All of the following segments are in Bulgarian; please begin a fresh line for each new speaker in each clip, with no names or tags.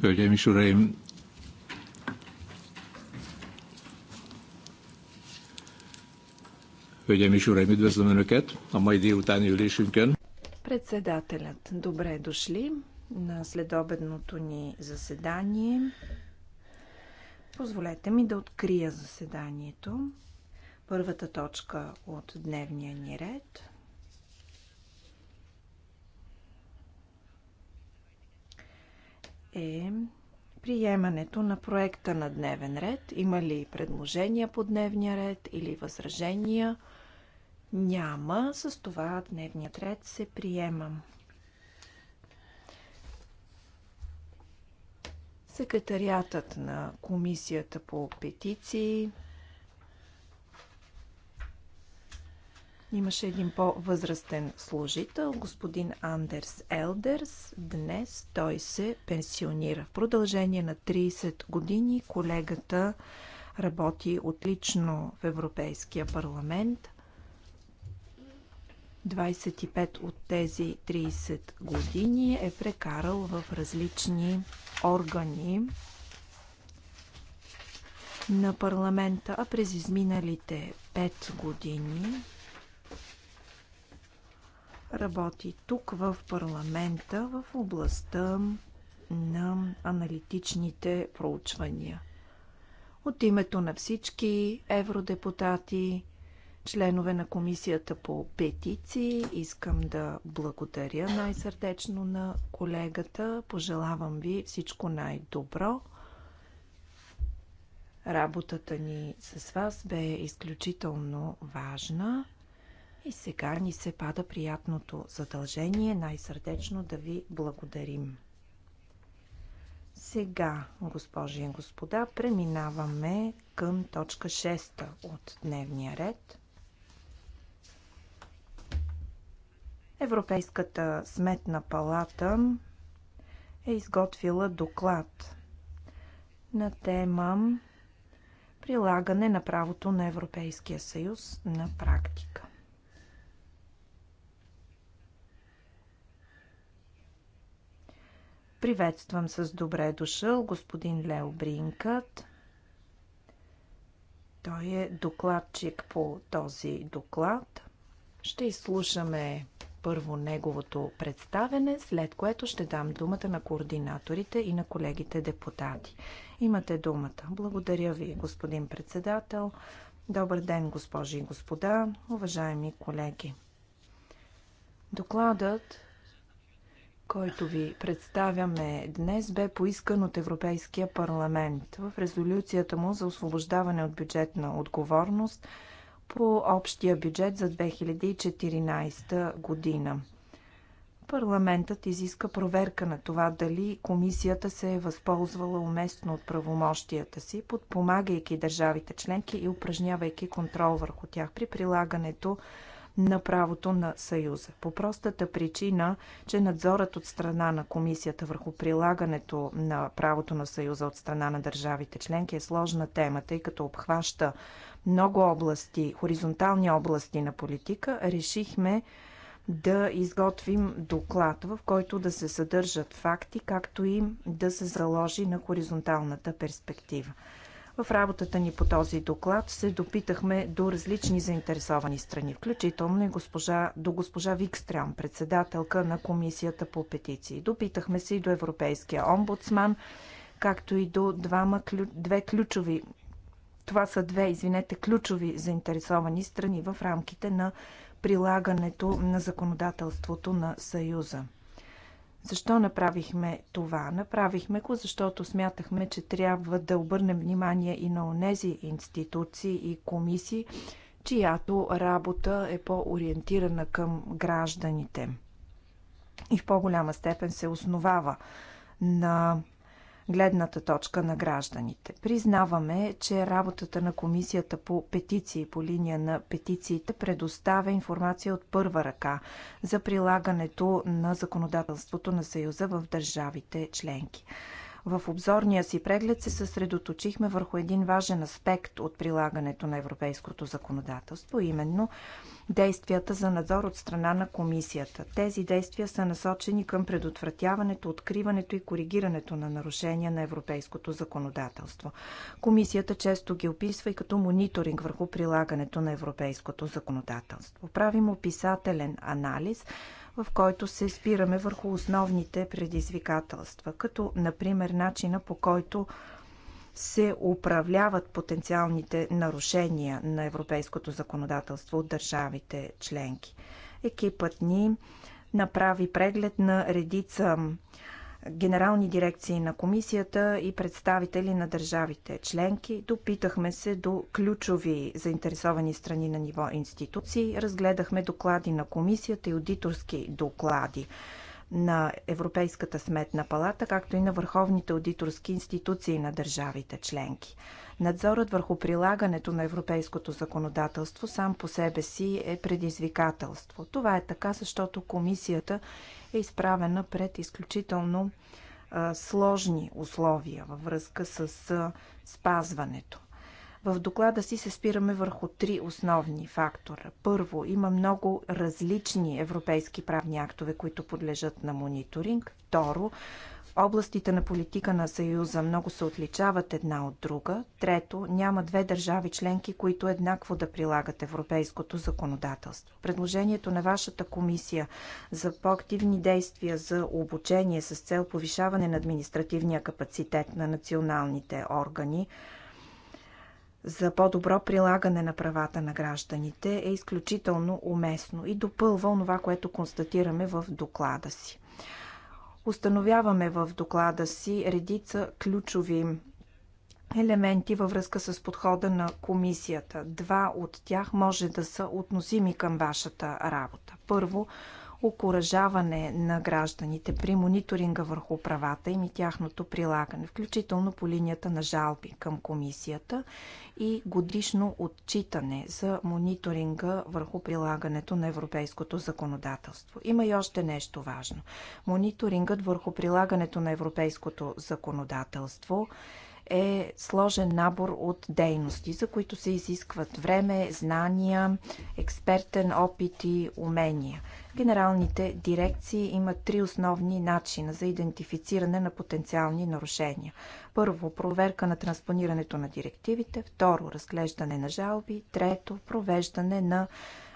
Hölgyeim és Uraim! Hölgyeim és Uraim, üdvözlöm Önöket a mai délutáni ülésünkön. Председателят, добре дошли на следобедното ни заседание. Позволете ми да открия заседанието. Първата точка от дневния ни ред – е приемането на проекта на дневен ред. Има ли предложения по дневния ред или възражения? Няма. С това дневният ред се приема. Секретариатът на Комисията по петиции Имаше един по-възрастен служител, господин Андерс Елдерс. Днес той се пенсионира. В продължение на 30 години колегата работи отлично в Европейския парламент. 25 от тези 30 години е прекарал в различни органи на парламента, а през изминалите 5 години работи тук в парламента в областта на аналитичните проучвания. От името на всички евродепутати, членове на комисията по петиции, искам да благодаря най-сърдечно на колегата. Пожелавам ви всичко най-добро. Работата ни с вас бе изключително важна. И сега ни се пада приятното задължение най-сърдечно да ви благодарим. Сега, госпожи и господа, преминаваме към точка 6 от дневния ред. Европейската сметна палата е изготвила доклад на тема прилагане на правото на Европейския съюз на практика. Приветствам с добре дошъл господин Лео Бринкът. Той е докладчик по този доклад. Ще изслушаме първо неговото представене, след което ще дам думата на координаторите и на колегите депутати. Имате думата. Благодаря ви, господин председател. Добър ден, госпожи и господа, уважаеми колеги. Докладът който ви представяме днес, бе поискан от Европейския парламент в резолюцията му за освобождаване от бюджетна отговорност по общия бюджет за 2014 година. Парламентът изиска проверка на това дали комисията се е възползвала уместно от правомощията си, подпомагайки държавите членки и упражнявайки контрол върху тях при прилагането на правото на Съюза. По простата причина, че надзорът от страна на комисията върху прилагането на правото на Съюза от страна на държавите членки е сложна тема, тъй като обхваща много области, хоризонтални области на политика, решихме да изготвим доклад, в който да се съдържат факти, както и да се заложи на хоризонталната перспектива. В работата ни по този доклад се допитахме до различни заинтересовани страни, включително и госпожа, до госпожа Викстрям, председателка на Комисията по петиции. Допитахме се и до Европейския омбудсман, както и до двама, две ключови това са две, извинете, ключови заинтересовани страни в рамките на прилагането на законодателството на Съюза. Защо направихме това? Направихме го, защото смятахме, че трябва да обърнем внимание и на онези институции и комисии, чиято работа е по-ориентирана към гражданите и в по-голяма степен се основава на гледната точка на гражданите. Признаваме, че работата на комисията по петиции по линия на петициите предоставя информация от първа ръка за прилагането на законодателството на Съюза в държавите членки. В обзорния си преглед се съсредоточихме върху един важен аспект от прилагането на европейското законодателство, именно действията за надзор от страна на комисията. Тези действия са насочени към предотвратяването, откриването и коригирането на нарушения на европейското законодателство. Комисията често ги описва и като мониторинг върху прилагането на европейското законодателство. Правим описателен анализ в който се спираме върху основните предизвикателства, като например начина по който се управляват потенциалните нарушения на европейското законодателство от държавите членки. Екипът ни направи преглед на редица генерални дирекции на комисията и представители на държавите членки. Допитахме се до ключови заинтересовани страни на ниво институции. Разгледахме доклади на комисията и аудиторски доклади на Европейската сметна палата, както и на върховните аудиторски институции на държавите членки. Надзорът върху прилагането на европейското законодателство сам по себе си е предизвикателство. Това е така, защото комисията е изправена пред изключително сложни условия във връзка с спазването. В доклада си се спираме върху три основни фактора. Първо, има много различни европейски правни актове, които подлежат на мониторинг. Второ, Областите на политика на Съюза много се отличават една от друга. Трето, няма две държави членки, които еднакво да прилагат европейското законодателство. Предложението на вашата комисия за по-активни действия за обучение с цел повишаване на административния капацитет на националните органи за по-добро прилагане на правата на гражданите е изключително уместно и допълва онова, което констатираме в доклада си. Установяваме в доклада си редица ключови елементи във връзка с подхода на комисията. Два от тях може да са относими към вашата работа. Първо, окоръжаване на гражданите при мониторинга върху правата им и тяхното прилагане, включително по линията на жалби към комисията и годишно отчитане за мониторинга върху прилагането на европейското законодателство. Има и още нещо важно. Мониторингът върху прилагането на европейското законодателство е сложен набор от дейности, за които се изискват време, знания, експертен опит и умения. Генералните дирекции имат три основни начина за идентифициране на потенциални нарушения. Първо, проверка на транспонирането на директивите. Второ, разглеждане на жалби. Трето, провеждане на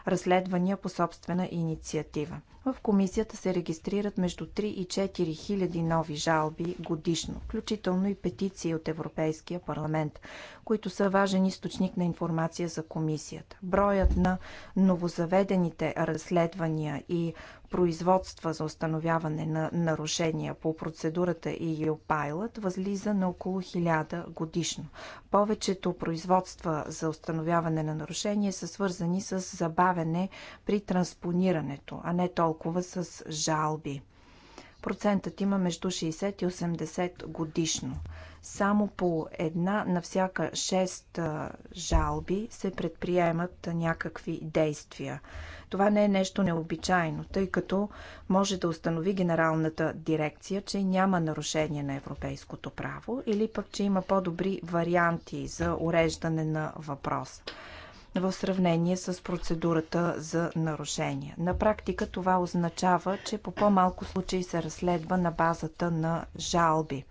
разследвания по собствена инициатива. В комисията се регистрират между 3 и 4 хиляди нови жалби годишно, включително и петиции от Европейския парламент, които са важен източник на информация за комисията. Броят на новозаведените разследвания и производства за установяване на нарушения по процедурата EU Pilot възлиза на около 1000 годишно. Повечето производства за установяване на нарушения са свързани с забавене при транспонирането, а не толкова с жалби. Процентът има между 60 и 80 годишно. Само по една на всяка шест жалби се предприемат някакви действия. Това не е нещо необичайно, тъй като може да установи генералната дирекция, че няма нарушение на европейското право или пък, че има по-добри варианти за уреждане на въпроса в сравнение с процедурата за нарушения. На практика това означава, че по по-малко случаи се разследва на базата на жалби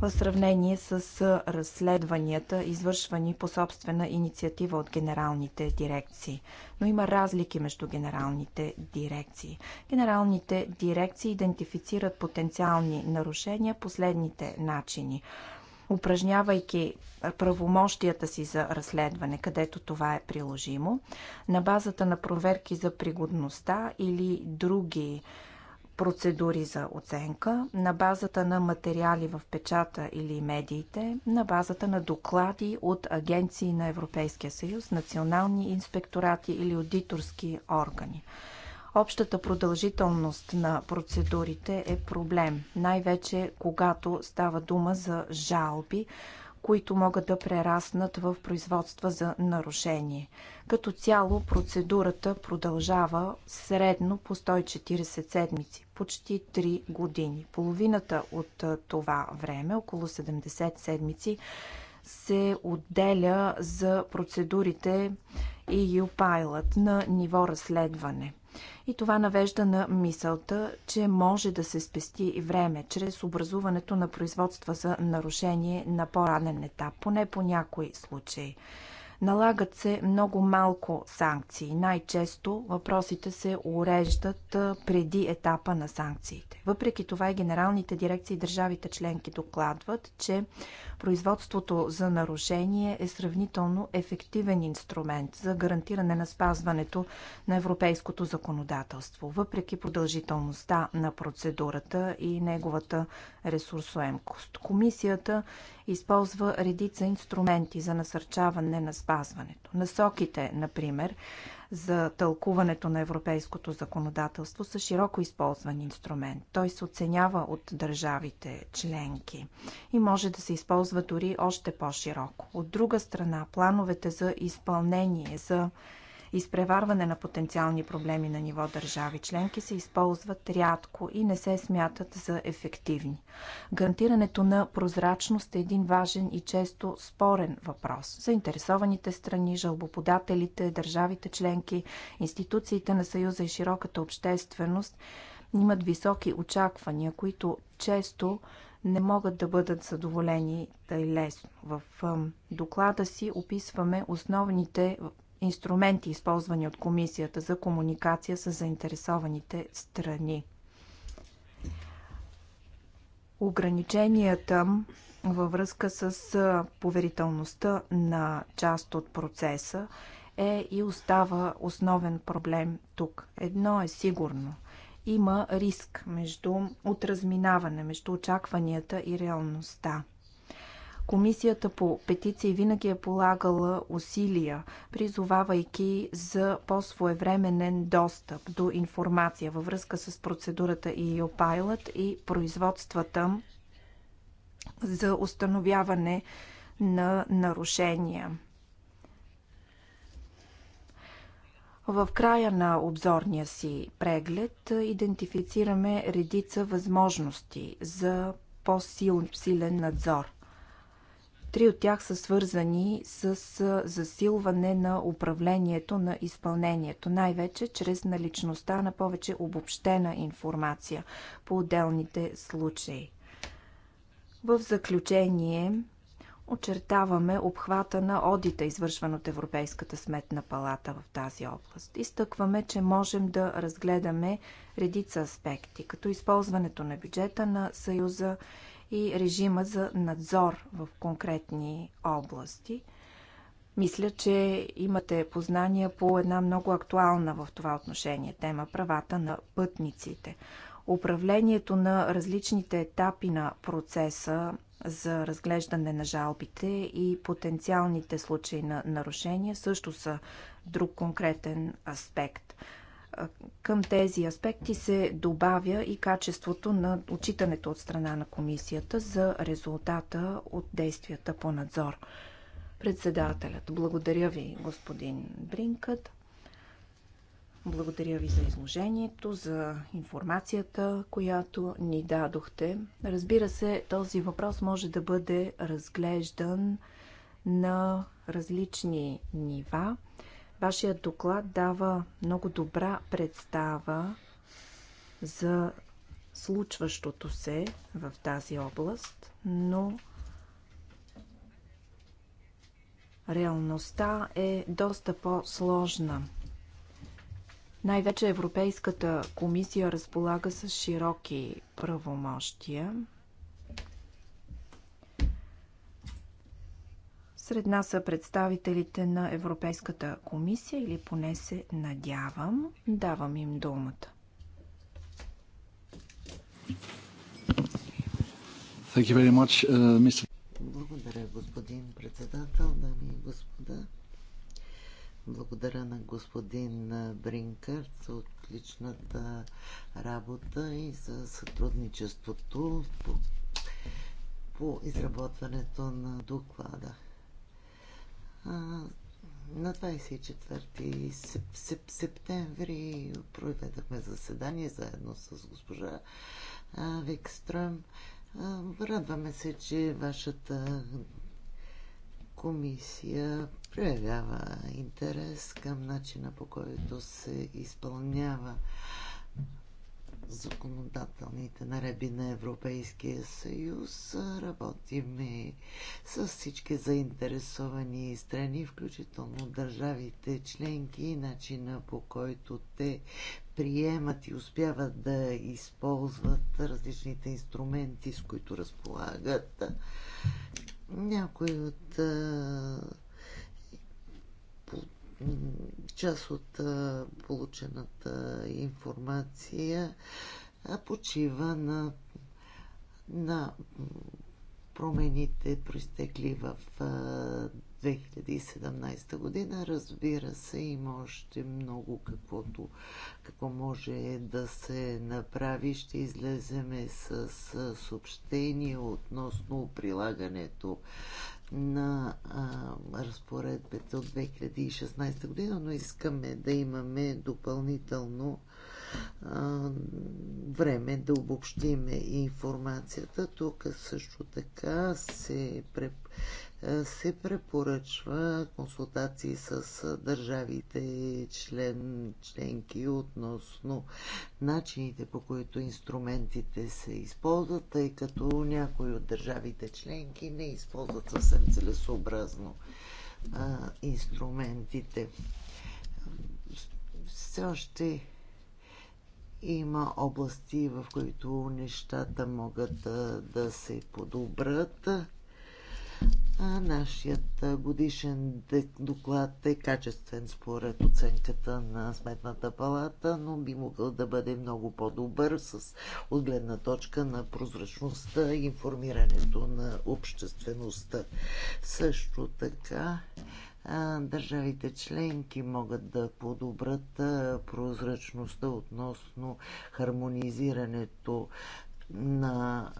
в сравнение с разследванията, извършвани по собствена инициатива от генералните дирекции. Но има разлики между генералните дирекции. Генералните дирекции идентифицират потенциални нарушения последните начини упражнявайки правомощията си за разследване, където това е приложимо, на базата на проверки за пригодността или други процедури за оценка на базата на материали в печата или медиите, на базата на доклади от агенции на Европейския съюз, национални инспекторати или аудиторски органи. Общата продължителност на процедурите е проблем, най-вече когато става дума за жалби които могат да прераснат в производства за нарушение. Като цяло процедурата продължава средно по 140 седмици, почти 3 години. Половината от това време, около 70 седмици, се отделя за процедурите EU Pilot на ниво разследване. И това навежда на мисълта, че може да се спести време чрез образуването на производства за нарушение на по-ранен етап, поне по някои случаи. Налагат се много малко санкции. Най-често въпросите се уреждат преди етапа на санкциите. Въпреки това и генералните дирекции и държавите членки докладват, че производството за нарушение е сравнително ефективен инструмент за гарантиране на спазването на европейското законодателство, въпреки продължителността на процедурата и неговата ресурсоемкост. Комисията използва редица инструменти за насърчаване на спазването. Насоките, например, за тълкуването на европейското законодателство са широко използван инструмент. Той се оценява от държавите членки и може да се използва дори още по-широко. От друга страна, плановете за изпълнение, за изпреварване на потенциални проблеми на ниво държави членки се използват рядко и не се смятат за ефективни. Гарантирането на прозрачност е един важен и често спорен въпрос. Заинтересованите страни, жалбоподателите, държавите членки, институциите на Съюза и широката общественост имат високи очаквания, които често не могат да бъдат задоволени тъй лесно. В доклада си описваме основните инструменти, използвани от комисията за комуникация с заинтересованите страни. Ограниченията във връзка с поверителността на част от процеса е и остава основен проблем тук. Едно е сигурно. Има риск между, от разминаване между очакванията и реалността. Комисията по петиции винаги е полагала усилия, призовавайки за по-своевременен достъп до информация във връзка с процедурата EU Pilot и производствата за установяване на нарушения. В края на обзорния си преглед идентифицираме редица възможности за по-силен надзор. Три от тях са свързани с засилване на управлението на изпълнението, най-вече чрез наличността на повече обобщена информация по отделните случаи. В заключение, очертаваме обхвата на одита, извършван от Европейската сметна палата в тази област. Изтъкваме, че можем да разгледаме редица аспекти, като използването на бюджета на Съюза, и режима за надзор в конкретни области. Мисля, че имате познания по една много актуална в това отношение тема правата на пътниците. Управлението на различните етапи на процеса за разглеждане на жалбите и потенциалните случаи на нарушения също са друг конкретен аспект – към тези аспекти се добавя и качеството на отчитането от страна на комисията за резултата от действията по надзор. Председателят, благодаря ви, господин Бринкът. Благодаря ви за изложението, за информацията, която ни дадохте. Разбира се, този въпрос може да бъде разглеждан на различни нива. Вашият доклад дава много добра представа за случващото се в тази област, но реалността е доста по-сложна. Най-вече Европейската комисия разполага с широки правомощия. Сред нас са представителите на Европейската комисия или поне се надявам. Давам им думата.
Thank you very much, uh, Mr.
Благодаря, господин председател, дами и господа. Благодаря на господин Бринкър за отличната работа и за сътрудничеството по, по изработването на доклада на 24 сеп, сеп, септември проведахме заседание заедно с госпожа Викстръм. Радваме се, че вашата комисия проявява интерес към начина по който се изпълнява законодателните наредби на Европейския съюз. Работиме с всички заинтересовани страни, включително държавите членки и начина по който те приемат и успяват да използват различните инструменти, с които разполагат. Някои от част от получената информация почива на, на промените, произтекли в 2017 година. Разбира се, има още много каквото, какво може да се направи. Ще излеземе с съобщение относно прилагането на а, разпоредбите от 2016 година, но искаме да имаме допълнително а, време да обобщиме информацията. Тук също така се се препоръчва консултации с държавите член, членки относно начините по които инструментите се използват, тъй като някои от държавите членки не използват съвсем целесообразно а, инструментите. Все още има области, в които нещата могат да, да се подобрат. А нашият годишен доклад е качествен според оценката на Сметната палата, но би могъл да бъде много по-добър с отгледна точка на прозрачността и информирането на обществеността. Също така държавите членки могат да подобрат прозрачността относно хармонизирането на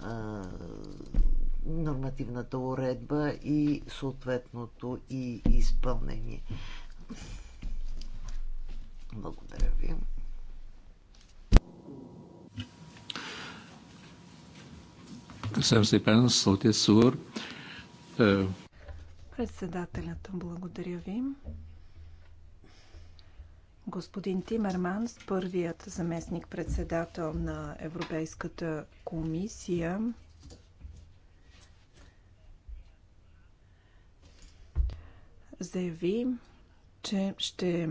нормативната уредба и съответното и изпълнение. Благодаря ви. Е,
Председателят, благодаря ви. Господин Тимерманс, първият заместник председател на Европейската комисия, заяви, че ще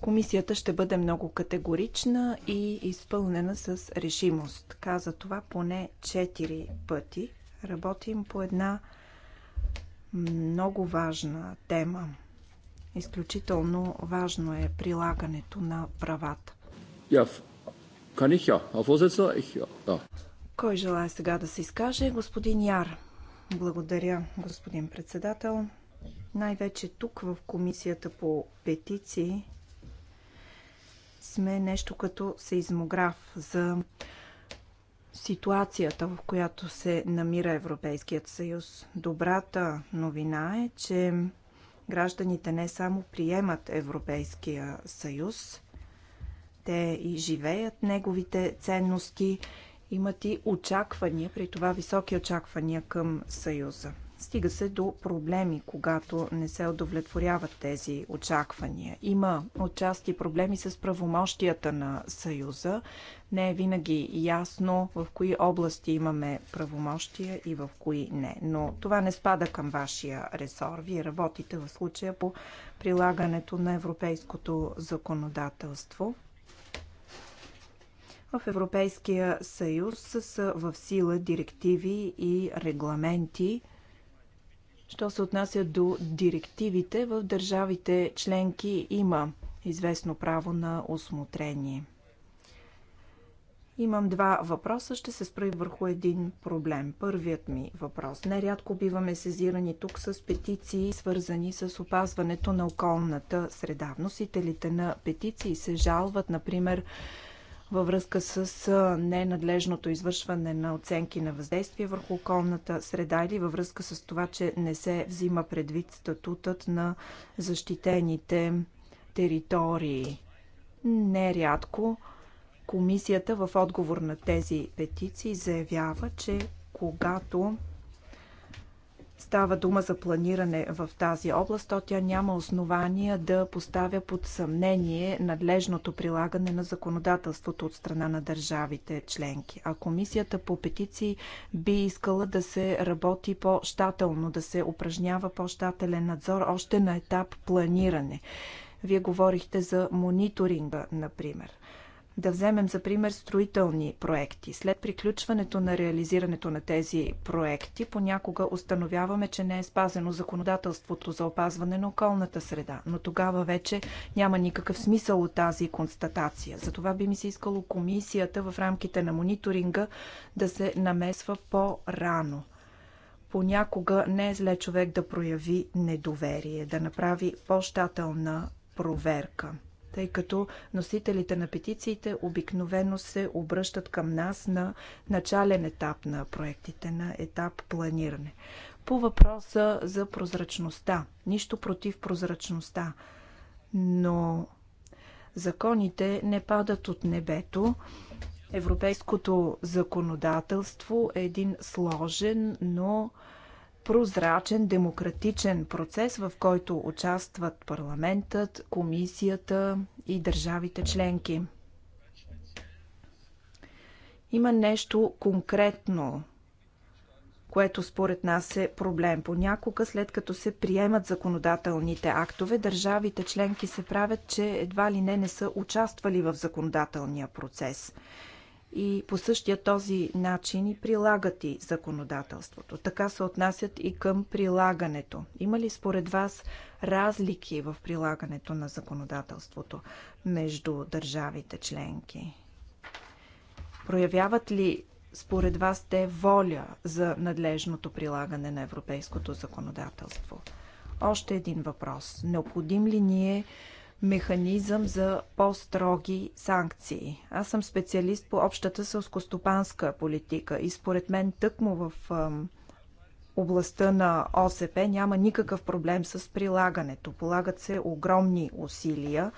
Комисията ще бъде много категорична и изпълнена с решимост. Каза това поне 4 пъти. Работим по една много важна тема. Изключително важно е прилагането на правата. Кой желая сега да се изкаже? Господин Яр. Благодаря, господин председател. Най-вече тук в комисията по петиции сме нещо като сейзмограф за ситуацията, в която се намира Европейският съюз. Добрата новина е, че гражданите не само приемат Европейския съюз, те и живеят неговите ценности имат и очаквания, при това високи очаквания към Съюза. Стига се до проблеми, когато не се удовлетворяват тези очаквания. Има отчасти проблеми с правомощията на Съюза. Не е винаги ясно в кои области имаме правомощия и в кои не. Но това не спада към вашия ресор. Вие работите в случая по прилагането на европейското законодателство. В Европейския съюз са в сила директиви и регламенти. Що се отнася до директивите, в държавите членки има известно право на осмотрение. Имам два въпроса. Ще се спра върху един проблем. Първият ми въпрос. Нерядко биваме сезирани тук с петиции, свързани с опазването на околната среда. Вносителите на петиции се жалват, например, във връзка с ненадлежното извършване на оценки на въздействие върху околната среда или във връзка с това, че не се взима предвид статутът на защитените територии. Нерядко комисията в отговор на тези петиции заявява, че когато става дума за планиране в тази област, то тя няма основания да поставя под съмнение надлежното прилагане на законодателството от страна на държавите членки. А комисията по петиции би искала да се работи по-щателно, да се упражнява по-щателен надзор още на етап планиране. Вие говорихте за мониторинга, например. Да вземем за пример строителни проекти. След приключването на реализирането на тези проекти, понякога установяваме, че не е спазено законодателството за опазване на околната среда, но тогава вече няма никакъв смисъл от тази констатация. Затова би ми се искало комисията в рамките на мониторинга да се намесва по-рано понякога не е зле човек да прояви недоверие, да направи по-щателна проверка тъй като носителите на петициите обикновено се обръщат към нас на начален етап на проектите, на етап планиране. По въпроса за прозрачността. Нищо против прозрачността, но законите не падат от небето. Европейското законодателство е един сложен, но прозрачен, демократичен процес, в който участват парламентът, комисията и държавите членки. Има нещо конкретно, което според нас е проблем. Понякога, след като се приемат законодателните актове, държавите членки се правят, че едва ли не не са участвали в законодателния процес и по същия този начин и прилагат и законодателството. Така се отнасят и към прилагането. Има ли според вас разлики в прилагането на законодателството между държавите членки? Проявяват ли според вас те воля за надлежното прилагане на европейското законодателство? Още един въпрос. Необходим ли ни е механизъм за по-строги санкции. Аз съм специалист по общата сълскостопанска политика и според мен тъкмо в областта на ОСП няма никакъв проблем с прилагането. Полагат се огромни усилия.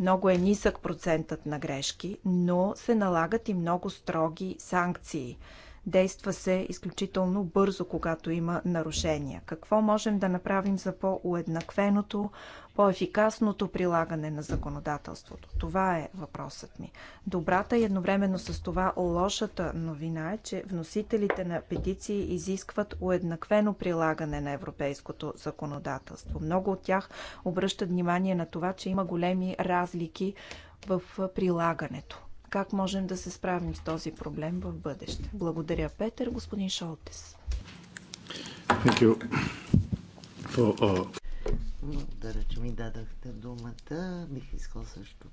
Много е нисък процентът на грешки, но се налагат и много строги санкции. Действа се изключително бързо, когато има нарушения. Какво можем да направим за по-уеднаквеното, по-ефикасното прилагане на законодателството? Това е въпросът ми. Добрата и едновременно с това лошата новина е, че вносителите на петиции изискват уеднаквено прилагане на европейското законодателство. Много от тях обръщат внимание на това, че има големи разлики в прилагането как можем да се справим с този проблем в бъдеще. Благодаря, Петър. Господин Шолтес.
For... Uh, благодаря, че ми дадахте думата. Бих искал също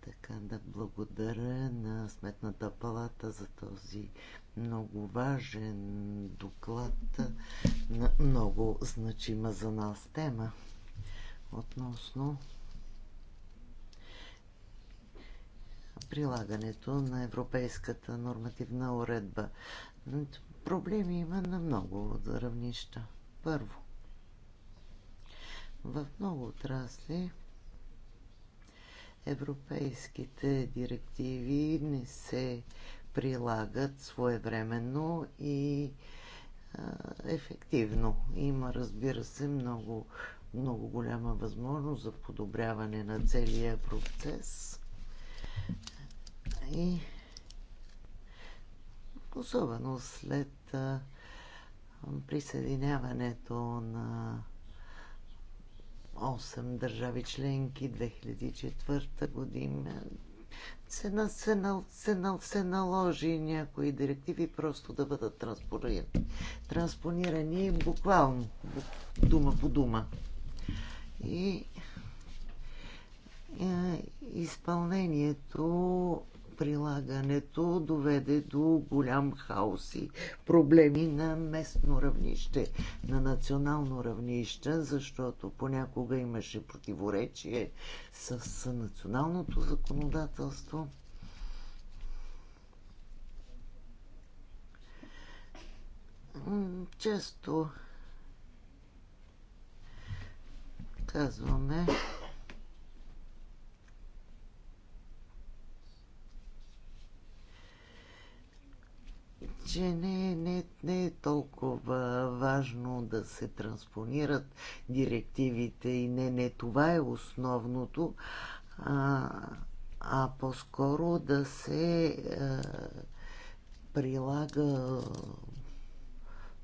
така да благодаря на Сметната палата за този много важен доклад на много значима за нас тема относно прилагането на европейската нормативна уредба. Проблеми има на много равнища. Първо, в много отрасли европейските директиви не се прилагат своевременно и а, ефективно. Има, разбира се, много, много голяма възможност за подобряване на целия процес. И особено след присъединяването на 8 държави членки 2004 година се, на, се, на, се, на, се наложи някои директиви просто да бъдат транспонирани, транспонирани буквално, дума по дума. И е, изпълнението прилагането доведе до голям хаос и проблеми на местно равнище, на национално равнище, защото понякога имаше противоречие с националното законодателство. Често казваме, че не, не, не е толкова важно да се транспонират директивите и не, не това е основното, а, а по-скоро да се а, прилага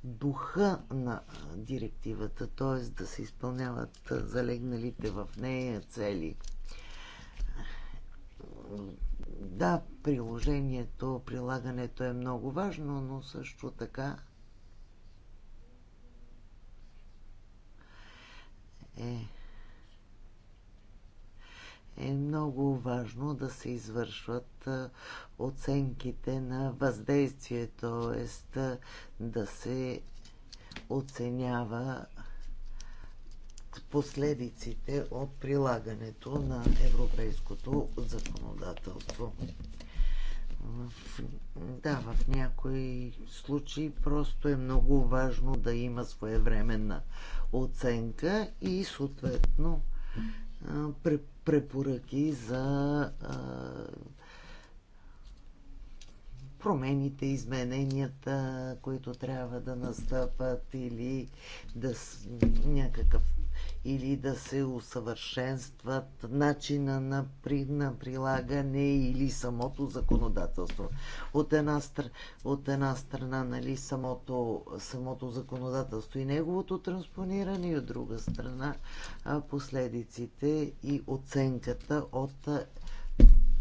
духа на директивата, т.е. да се изпълняват залегналите в нея цели да, приложението, прилагането е много важно, но също така е, е много важно да се извършват оценките на въздействието, т.е. да се оценява последиците от прилагането на европейското законодателство. Да, в някои случаи просто е много важно да има своевременна оценка и съответно препоръки за промените, измененията, които трябва да настъпат или да някакъв или да се усъвършенстват начина на, при, на прилагане или самото законодателство. От една, от една страна нали, самото, самото законодателство и неговото транспониране, и от друга страна последиците и оценката от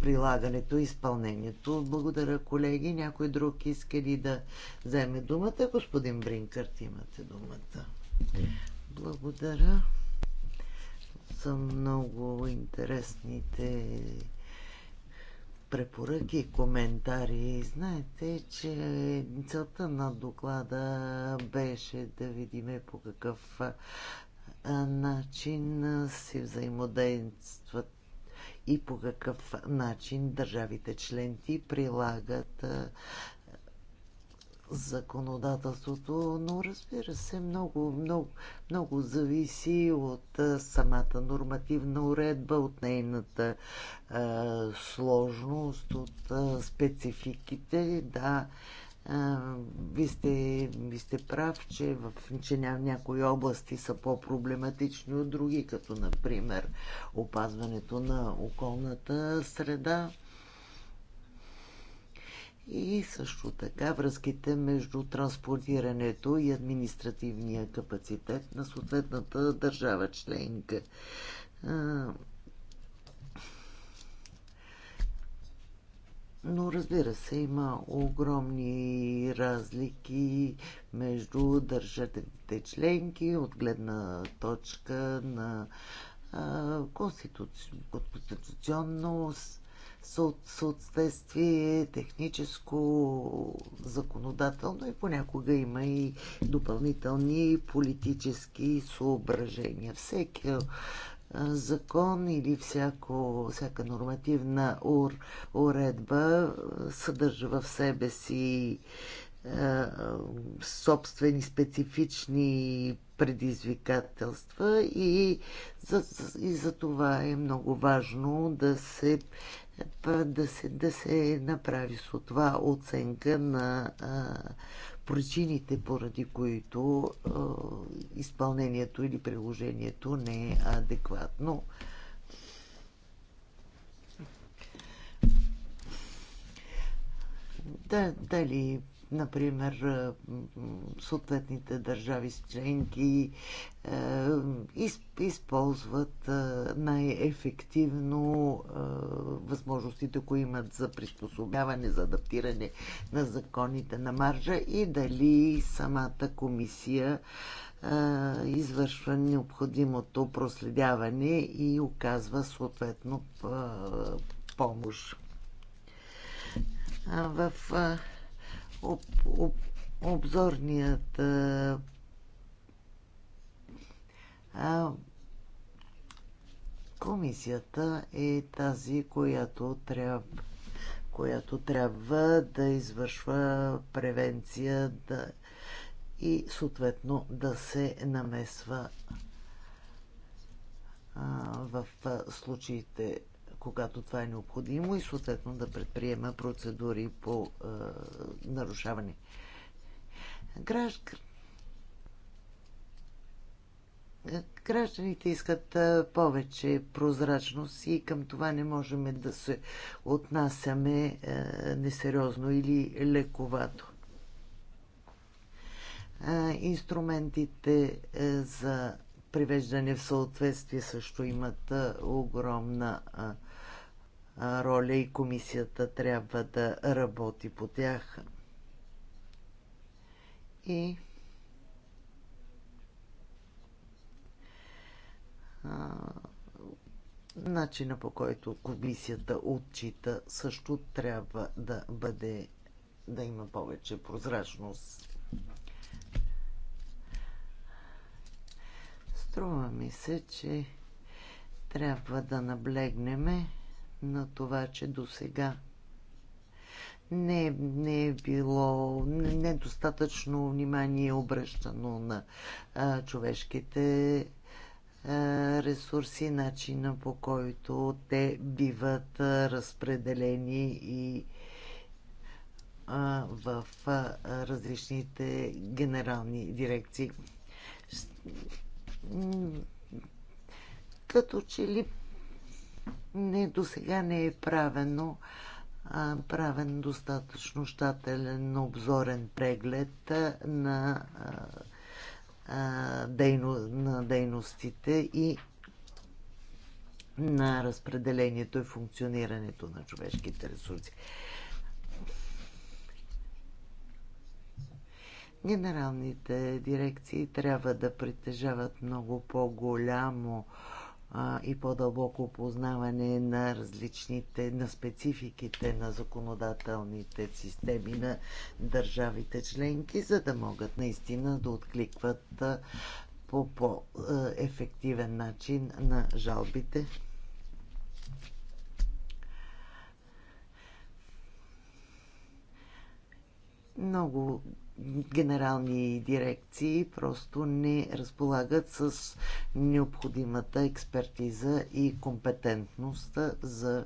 прилагането и изпълнението. Благодаря, колеги. Някой друг иска ли да вземе думата? Господин Бринкърт, имате думата. Благодаря. Са много интересните препоръки коментари. Знаете, че целта на доклада беше да видиме по какъв начин си взаимодействат и по какъв начин държавите членки прилагат законодателството, но разбира се, много, много, много зависи от самата нормативна уредба, от нейната е, сложност, от е, спецификите. Да, е, ви, сте, ви сте прав, че в че ня, някои области са по-проблематични от други, като например опазването на околната среда и също така връзките между транспортирането и административния капацитет на съответната държава членка. Но разбира се, има огромни разлики между държавите членки от гледна точка на конституционност съответствие техническо, законодателно и понякога има и допълнителни политически съображения. Всеки закон или всяко, всяка нормативна ур, уредба съдържа в себе си собствени специфични предизвикателства и за, и за това е много важно да се да се, да се направи с това оценка на а, причините, поради които а, изпълнението или приложението не е адекватно. Да, дали например, е, съответните държави членки е, използват е, най-ефективно възможностите, които имат за приспособяване, за адаптиране на законите на маржа и дали самата комисия извършва необходимото проследяване и оказва съответно помощ. В об, об, обзорният а, а, комисията е тази, която трябва която трябва да извършва превенция да, и съответно да се намесва а, в случаите когато това е необходимо и съответно да предприема процедури по е, нарушаване. Граждан гражданите искат е, повече прозрачност и към това не можем да се отнасяме е, несериозно или лековато. Е, инструментите за привеждане в съответствие също имат огромна роля и комисията трябва да работи по тях. И начина по който комисията отчита също трябва да бъде да има повече прозрачност. Струва ми се, че трябва да наблегнеме на това, че до сега не, не е било недостатъчно внимание е обръщано на а, човешките а, ресурси, начина по който те биват а, разпределени и а, в а, различните генерални дирекции. Като че ли не, до сега не е правено а, правен достатъчно щателен обзорен преглед а, на, а, дейно, на дейностите и на разпределението и функционирането на човешките ресурси. Генералните дирекции трябва да притежават много по-голямо а, а, и по-дълбоко познаване на различните, на спецификите на законодателните системи на държавите членки, за да могат наистина да откликват а, по по-ефективен начин на жалбите. Много генерални дирекции просто не разполагат с необходимата експертиза и компетентност за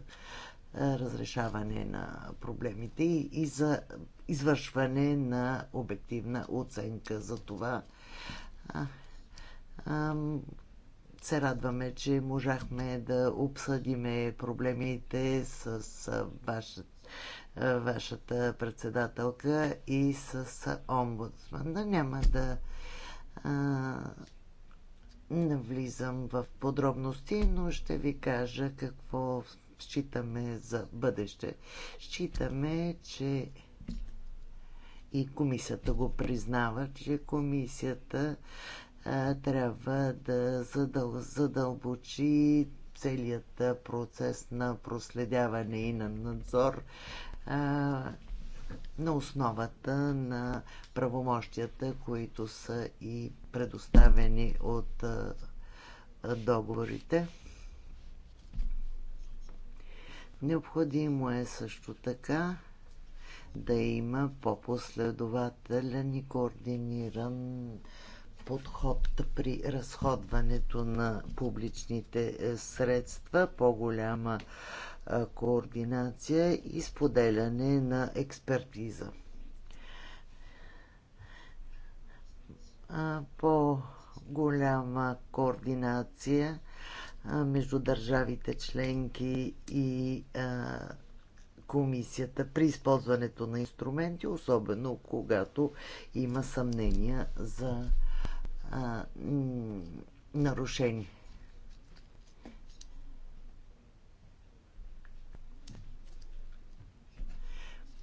е, разрешаване на проблемите и за извършване на обективна оценка. За това се радваме, че можахме да обсъдиме проблемите с вашата вашата председателка и с омбудсмана. Няма да а, навлизам в подробности, но ще ви кажа какво считаме за бъдеще. Считаме, че и комисията го признава, че комисията а, трябва да задъл, задълбочи целият процес на проследяване и на надзор на основата на правомощията, които са и предоставени от договорите. Необходимо е също така да има по-последователен и координиран подход при разходването на публичните е, средства, по-голяма координация и споделяне на експертиза. По-голяма координация между държавите членки и комисията при използването на инструменти, особено когато има съмнения за нарушение.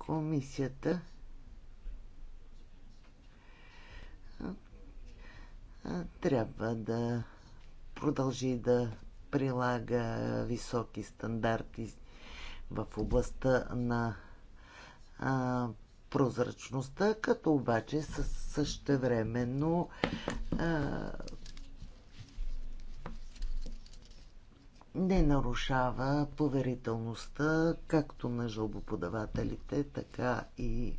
комисията трябва да продължи да прилага високи стандарти в областта на а, прозрачността, като обаче същевременно а, не нарушава поверителността както на жалбоподавателите, така и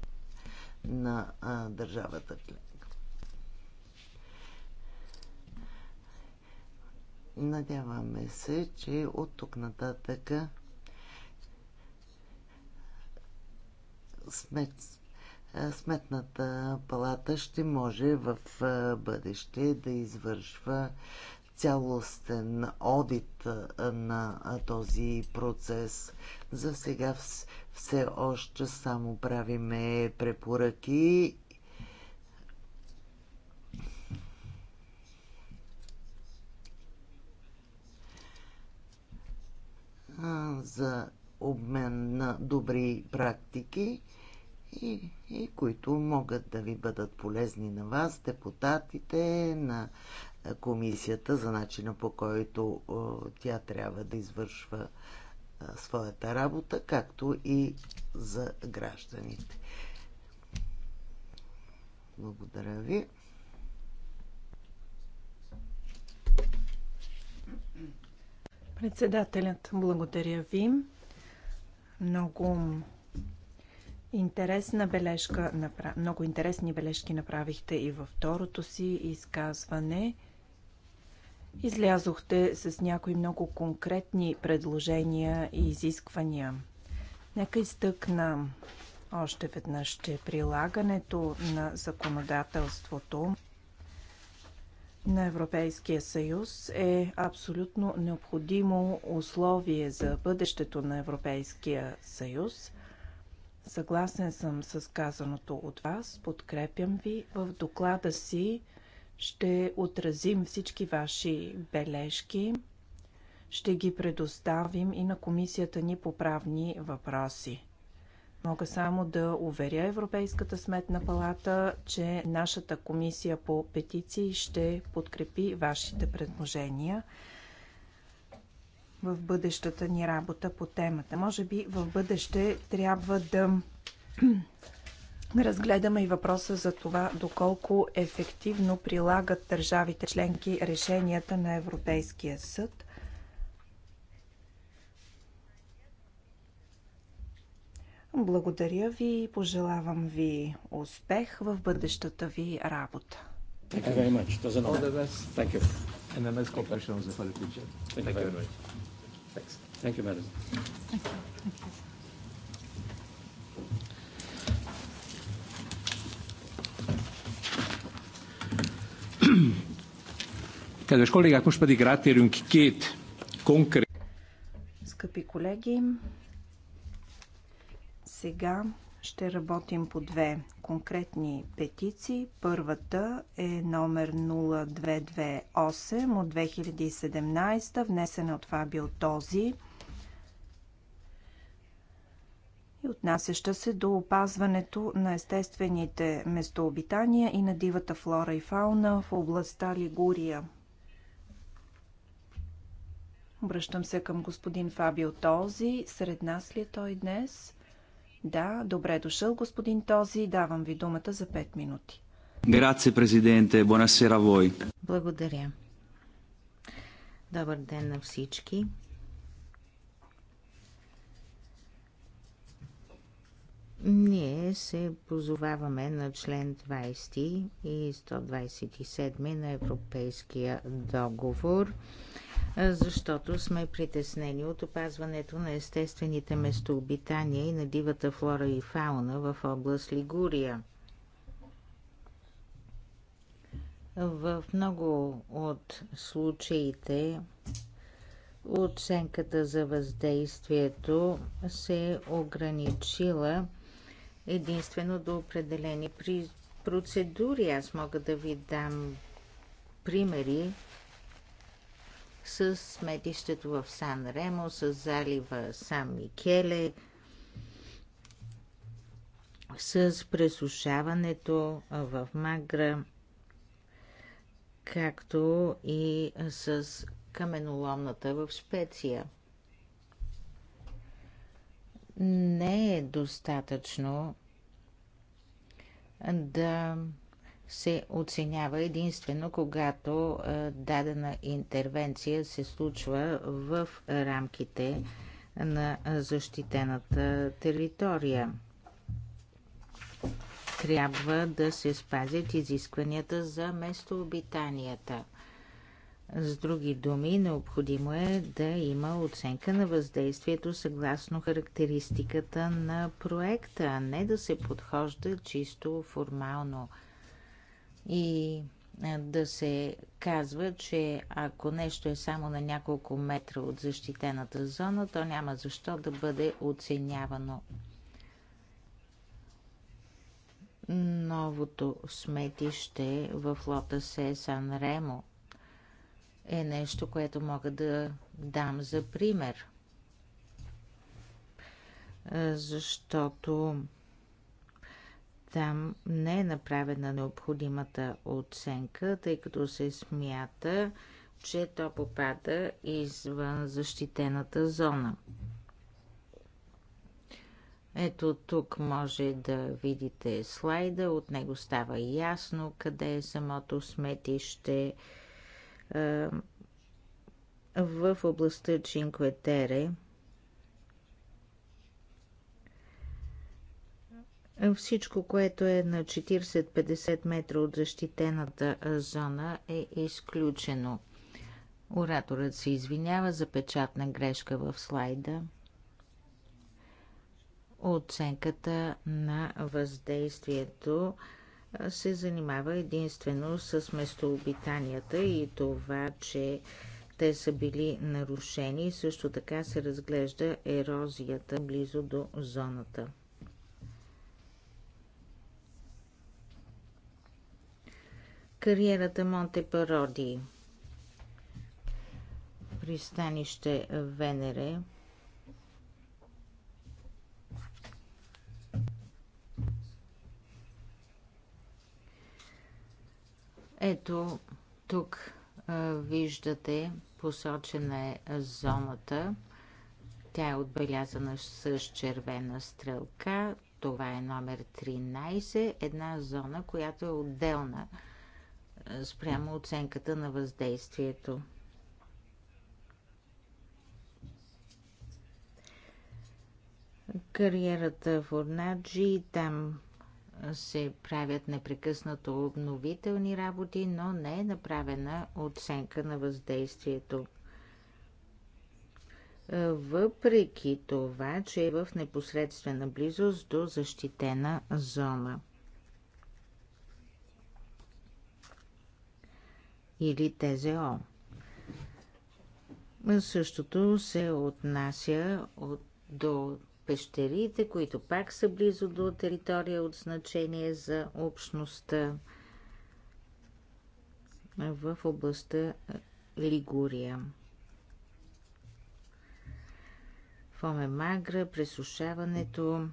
на а, държавата Надяваме се, че от тук нататък смет, Сметната палата ще може в бъдеще да извършва цялостен одит на този процес. За сега все още само правиме препоръки за обмен на добри практики и, и които могат да ви бъдат полезни на вас, депутатите, на комисията за начина по който тя трябва да извършва своята работа, както и за гражданите. Благодаря ви.
Председателят, благодаря ви. Много интересна бележка, много интересни бележки направихте и във второто си изказване. Излязохте с някои много конкретни предложения и изисквания. Нека изтъкна още веднъж, че прилагането на законодателството на Европейския съюз е абсолютно необходимо условие за бъдещето на Европейския съюз. Съгласен съм с казаното от вас, подкрепям ви. В доклада си ще отразим всички ваши бележки. Ще ги предоставим и на комисията ни по правни въпроси. Мога само да уверя Европейската сметна палата, че нашата комисия по петиции ще подкрепи вашите предложения в бъдещата ни работа по темата. Може би в бъдеще трябва да разгледаме и въпроса за това доколко ефективно прилагат държавите членки решенията на Европейския съд. Благодаря ви и пожелавам ви успех в бъдещата ви работа. Thank you very much. Kedves kollégák, most pedig rátérünk két konkrét... Скъпи колеги, сега ще работим по две конкретни петиции. Първата е номер 0228 от 2017, внесена от Фабио Този и отнасяща се до опазването на естествените местообитания и на дивата флора и фауна в областта Лигурия. Обръщам се към господин Фабио Този. Сред нас ли е той днес? Да, добре е дошъл, господин Този. Давам ви думата за 5 минути.
Грация, президенте. Бонасера вой.
Благодаря. Добър ден на
всички. Ние се позоваваме на член 20 и 127 на Европейския договор – защото сме притеснени от опазването на естествените местообитания и на дивата флора и фауна в област Лигурия. В много от случаите оценката за въздействието се е ограничила единствено до определени процедури. Аз мога да ви дам примери с сметището в Сан Ремо, с залива Сан Микеле, с пресушаването в Магра, както и с каменоломната в Шпеция. Не е достатъчно да се оценява единствено, когато е, дадена интервенция се случва в рамките на защитената територия. Трябва да се спазят изискванията за местообитанията. С други думи, необходимо е да има оценка на въздействието съгласно характеристиката на проекта, а не да се подхожда чисто формално – и да се казва, че ако нещо е само на няколко метра от защитената зона, то няма защо да бъде оценявано. Новото сметище в лота се Сан Ремо е нещо, което мога да дам за пример. Защото там не е направена необходимата оценка, тъй като се смята, че то попада извън защитената зона. Ето тук може да видите слайда, от него става ясно къде е самото сметище. Е, в областта Чинкве Тере Всичко, което е на 40-50 метра от защитената зона е изключено. Ораторът се извинява за печатна грешка в слайда. Оценката на въздействието се занимава единствено с местообитанията и това, че те са били нарушени. Също така се разглежда ерозията близо до зоната. кариерата Монте Пароди. Пристанище Венере. Ето тук виждате посочена е зоната. Тя е отбелязана с червена стрелка. Това е номер 13, една зона, която е отделна спрямо оценката на въздействието. Кариерата в Орнаджи, там се правят непрекъснато обновителни работи, но не е направена оценка на въздействието. Въпреки това, че е в непосредствена близост до защитена зона. или ТЗО. Същото се отнася от, до пещерите, които пак са близо до територия от значение за общността в областта Лигурия. Фоме Магра, пресушаването,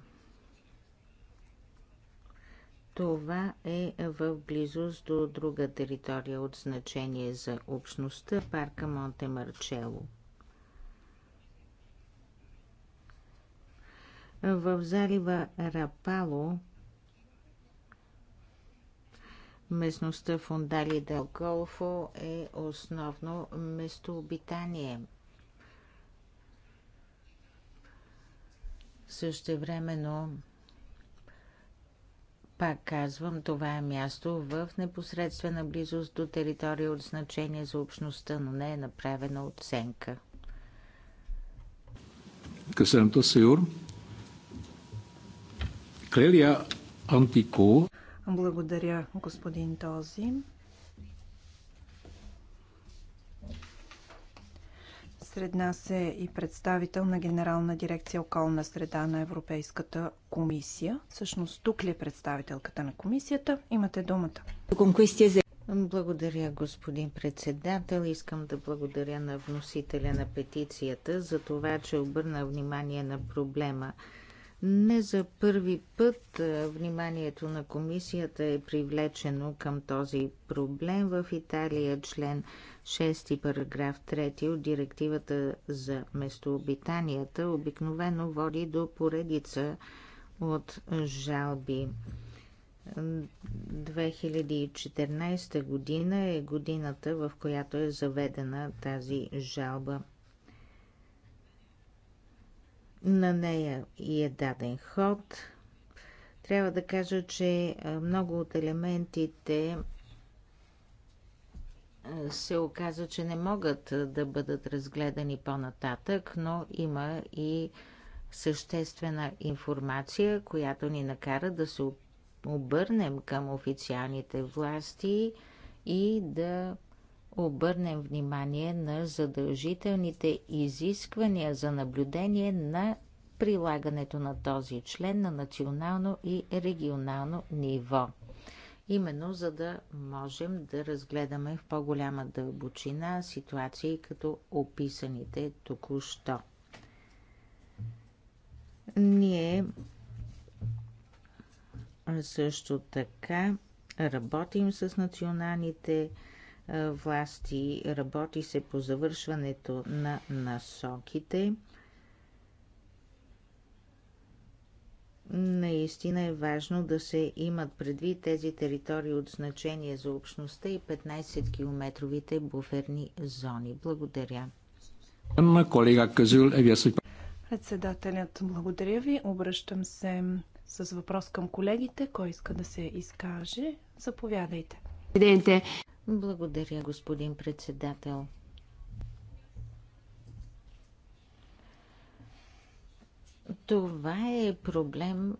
това е в близост до друга територия от значение за общността – парка Монте Марчело. В залива Рапало местността Фундали дел Голфо е основно местообитание. Също времено пак казвам, това е място в непосредствена близост до територия от значение за общността, но не е направена оценка.
Късенто Сиур. Клелия Антико. Благодаря, господин Този. Сред нас е и представител на Генерална дирекция околна среда на Европейската комисия. Всъщност тук ли е представителката на комисията? Имате думата.
Благодаря, господин председател. Искам да благодаря на вносителя на петицията за това, че обърна внимание на проблема. Не за първи път вниманието на комисията е привлечено към този проблем в Италия. Член 6 параграф 3 от директивата за местообитанията обикновено води до поредица от жалби. 2014 година е годината, в която е заведена тази жалба. На нея и е даден ход. Трябва да кажа, че много от елементите се оказа, че не могат да бъдат разгледани по-нататък, но има и съществена информация, която ни накара да се обърнем към официалните власти и да обърнем внимание на задължителните изисквания за наблюдение на прилагането на този член на национално и регионално ниво именно за да можем да разгледаме в по-голяма дълбочина ситуации като описаните току-що. Ние също така работим с националните власти, работи се по завършването на насоките – Наистина е важно да се имат предвид тези територии от значение за общността и 15-километровите буферни зони. Благодаря.
Колега Казул, е Председателят, благодаря ви. Обръщам се с въпрос към колегите. Кой иска да се изкаже? Заповядайте.
Благодаря, господин председател. Това е проблем,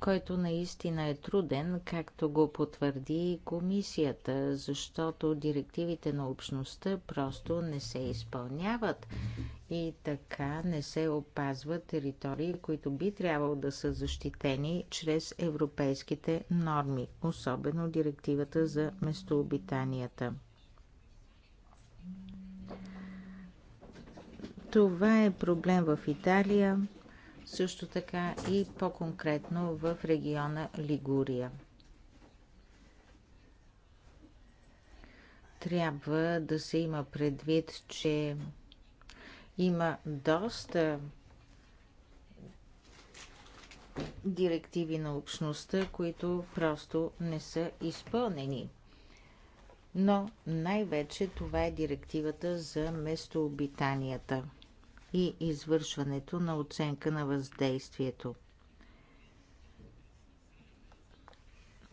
който наистина е труден, както го потвърди и комисията, защото директивите на общността просто не се изпълняват и така не се опазват територии, които би трябвало да са защитени чрез европейските норми, особено директивата за местообитанията. Това е проблем в Италия, също така и по-конкретно в региона Лигурия. Трябва да се има предвид, че има доста директиви на общността, които просто не са изпълнени. Но най-вече това е директивата за местообитанията – и извършването на оценка на въздействието.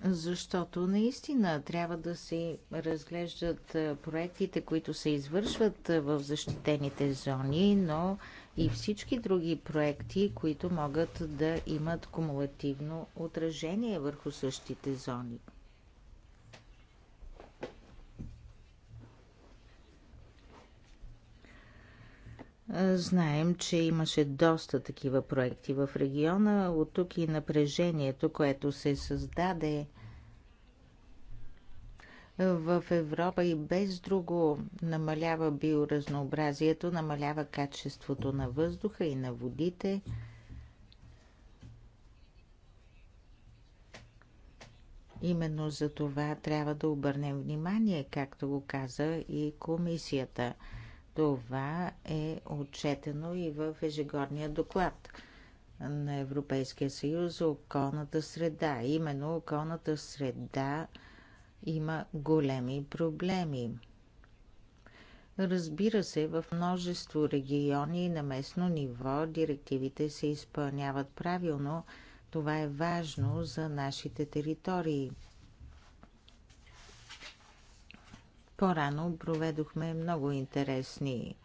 Защото наистина трябва да се разглеждат проектите, които се извършват в защитените зони, но и всички други проекти, които могат да имат кумулативно отражение върху същите зони. Знаем, че имаше доста такива проекти в региона, от тук и напрежението, което се създаде в Европа и без друго намалява биоразнообразието, намалява качеството на въздуха и на водите. Именно за това трябва да обърнем внимание, както го каза и комисията – това е отчетено и в ежегодния доклад на Европейския съюз за околната среда. Именно околната среда има големи проблеми. Разбира се, в множество региони и на местно ниво директивите се изпълняват правилно. Това е важно за нашите територии. По-рано проведохме много интересни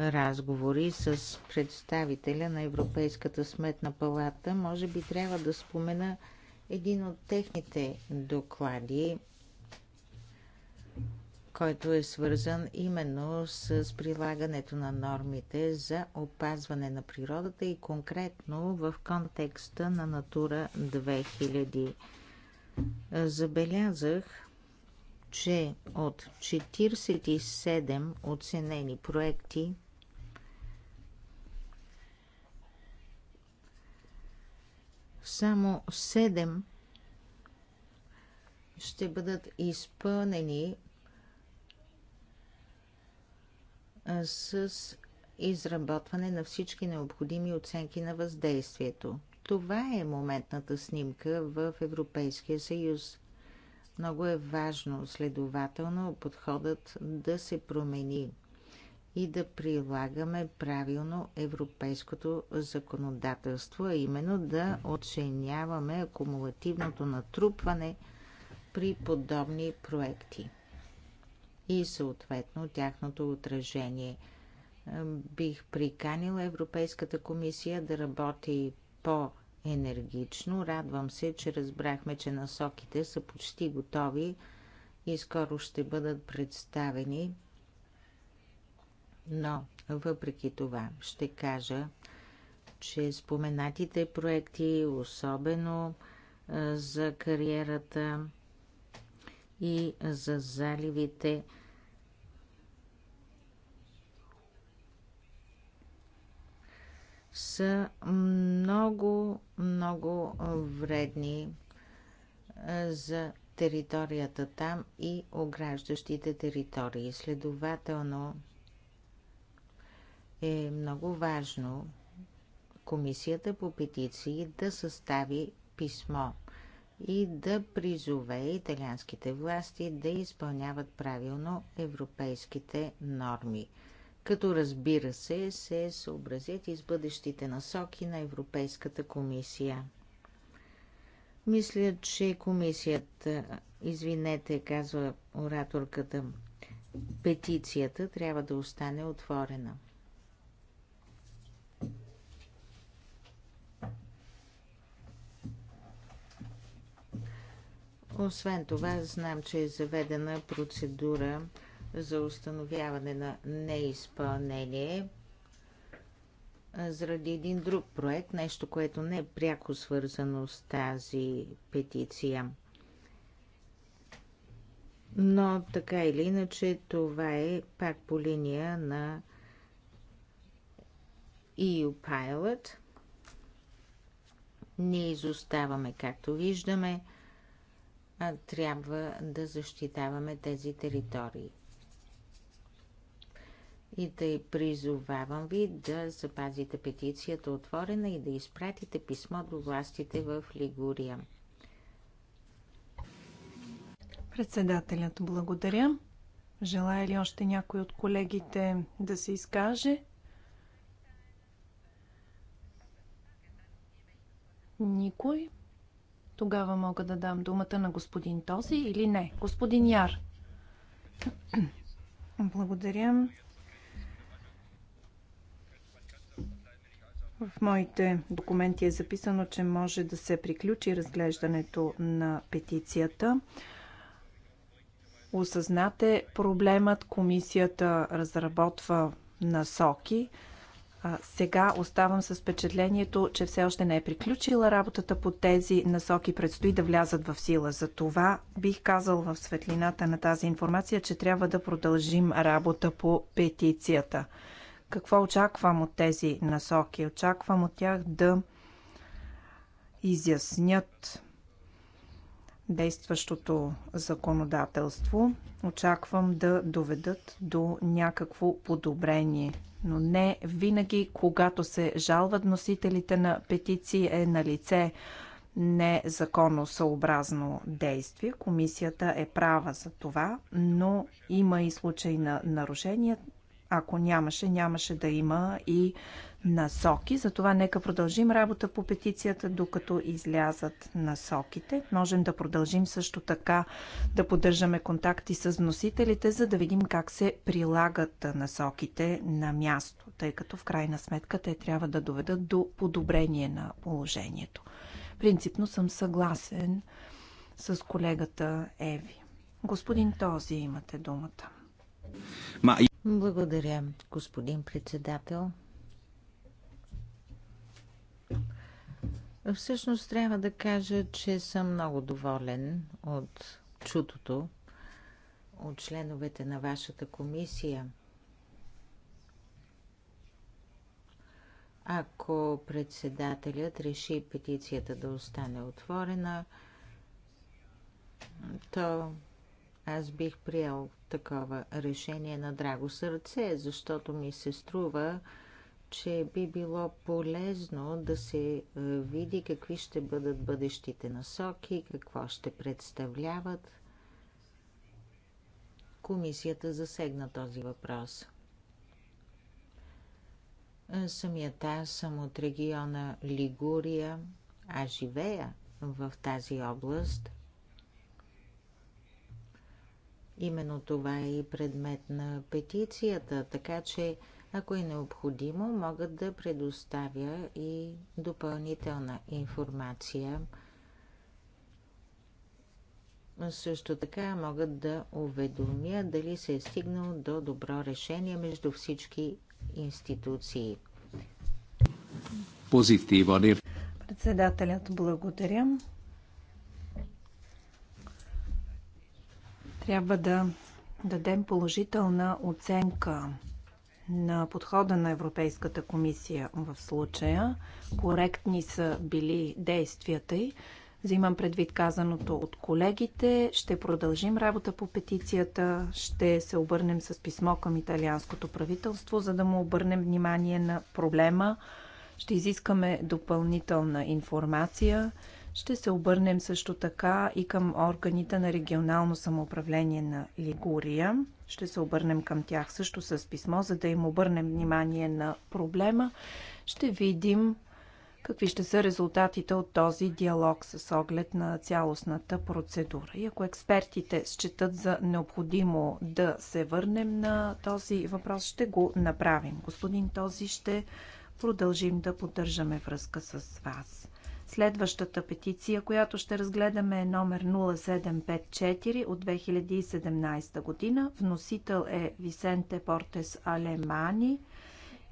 разговори с представителя на Европейската сметна палата. Може би трябва да спомена един от техните доклади, който е свързан именно с прилагането на нормите за опазване на природата и конкретно в контекста на Натура 2000. Забелязах, че от 47 оценени проекти само 7 ще бъдат изпълнени с изработване на всички необходими оценки на въздействието. Това е моментната снимка в Европейския съюз. Много е важно, следователно, подходът да се промени и да прилагаме правилно европейското законодателство, а именно да оценяваме акумулативното натрупване при подобни проекти и съответно тяхното отражение. Бих приканила Европейската комисия да работи по енергично. Радвам се, че разбрахме, че насоките са почти готови и скоро ще бъдат представени. Но, въпреки това, ще кажа, че споменатите проекти, особено за кариерата и за заливите, са много, много вредни за територията там и ограждащите територии. Следователно е много важно Комисията по петиции да състави писмо и да призове италианските власти да изпълняват правилно европейските норми – като разбира се се съобразят и с бъдещите насоки на Европейската комисия. Мисля, че комисията, извинете, казва ораторката, петицията трябва да остане отворена. Освен това, знам, че е заведена процедура за установяване на неизпълнение заради един друг проект, нещо, което не е пряко свързано с тази петиция. Но така или иначе, това е пак по линия на EU Pilot. Ние изоставаме, както виждаме, а трябва да защитаваме тези територии и тъй призовавам ви да запазите петицията отворена и да изпратите писмо до властите в
Лигурия. Председателят благодаря. Желая ли още някой от колегите да се изкаже? Никой? Тогава мога да дам думата на господин Този или не. Господин Яр. Благодаря. В моите документи е записано, че може да се приключи разглеждането на петицията. Осъзнате проблемът, комисията разработва насоки. А, сега оставам с впечатлението, че все още не е приключила работата по тези насоки. Предстои да влязат в сила. За това бих казал в светлината на тази информация, че трябва да продължим работа по петицията. Какво очаквам от тези насоки? Очаквам от тях да изяснят действащото законодателство. Очаквам да доведат до някакво подобрение. Но не винаги, когато се жалват носителите на петиции, е на лице незаконосъобразно действие. Комисията е права за това, но има и случай на нарушения, ако нямаше, нямаше да има и насоки. Затова нека продължим работа по петицията, докато излязат насоките. Можем да продължим също така да поддържаме контакти с вносителите, за да видим как се прилагат насоките на място, тъй като в крайна сметка те трябва да доведат до подобрение на положението. Принципно съм съгласен с колегата Еви. Господин Този, имате думата. Благодаря, господин председател.
Всъщност трябва да кажа, че съм много доволен от чутото от членовете на вашата комисия. Ако председателят реши петицията да остане отворена, то аз бих приел такова решение на драго сърце, защото ми се струва, че би било полезно да се е, види какви ще бъдат бъдещите насоки, какво ще представляват. Комисията засегна този въпрос. Е, самият аз съм от региона Лигурия, а живея в тази област – Именно това е и предмет на петицията, така че ако е необходимо, могат да предоставя и допълнителна информация. Също така могат да уведомя дали се е стигнал до добро решение между всички институции.
Позитива Председателят благодаря. Трябва да дадем положителна оценка на подхода на Европейската комисия в случая. Коректни са били действията й. Взимам предвид казаното от колегите. Ще продължим работа по петицията. Ще се обърнем с писмо към италианското правителство, за да му обърнем внимание на проблема. Ще изискаме допълнителна информация. Ще се обърнем също така и към органите на регионално самоуправление на Лигурия. Ще се обърнем към тях също с писмо, за да им обърнем внимание на проблема. Ще видим какви ще са резултатите от този диалог с оглед на цялостната процедура. И ако експертите считат за необходимо да се върнем на този въпрос, ще го направим. Господин Този, ще продължим да поддържаме връзка с вас. Следващата петиция, която ще разгледаме е номер 0754 от 2017 година. Вносител е Висенте Портес Алемани,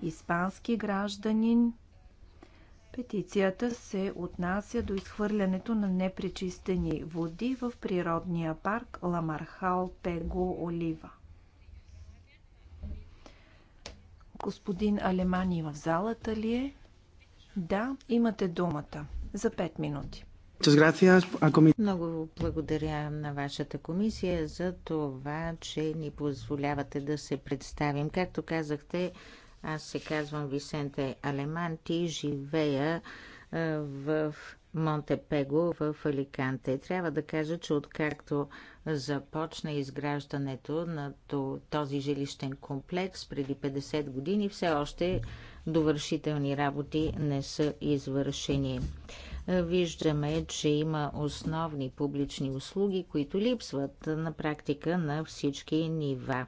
испански гражданин. Петицията се отнася до изхвърлянето на непречистени води в природния парк Ламархал Пего Олива. Господин Алемани в залата ли е? Да, имате думата за 5 минути.
Много благодаря на вашата комисия за това, че ни позволявате да се представим. Както казахте, аз се казвам Висенте Алеманти, живея в Монтепего в Аликанте. Трябва да кажа, че откакто започна изграждането на този жилищен комплекс преди 50 години, все още довършителни работи не са извършени. Е, виждаме, че има основни публични услуги, които липсват на практика на всички нива.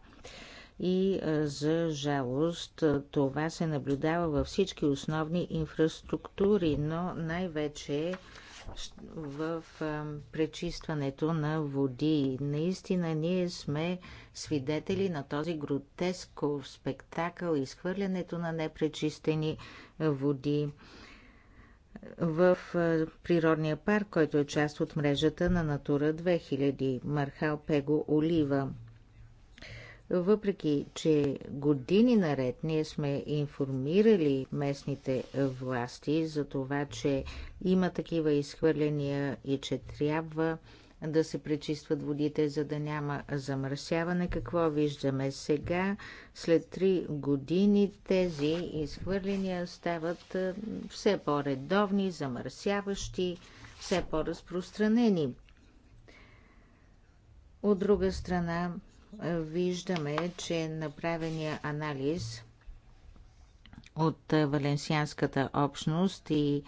И е, за жалост е, това се наблюдава във всички основни инфраструктури, но най-вече в пречистването на води. Наистина ние сме свидетели на този гротесков спектакъл, изхвърлянето на непречистени води в природния парк, който е част от мрежата на Натура 2000, Мархал Пего Олива. Въпреки, че години наред ние сме информирали местните власти за това, че има такива изхвърляния и че трябва да се пречистват водите, за да няма замърсяване. Какво виждаме сега? След три години тези изхвърления стават все по-редовни, замърсяващи, все по-разпространени. От друга страна, виждаме, че направения анализ от Валенсианската общност и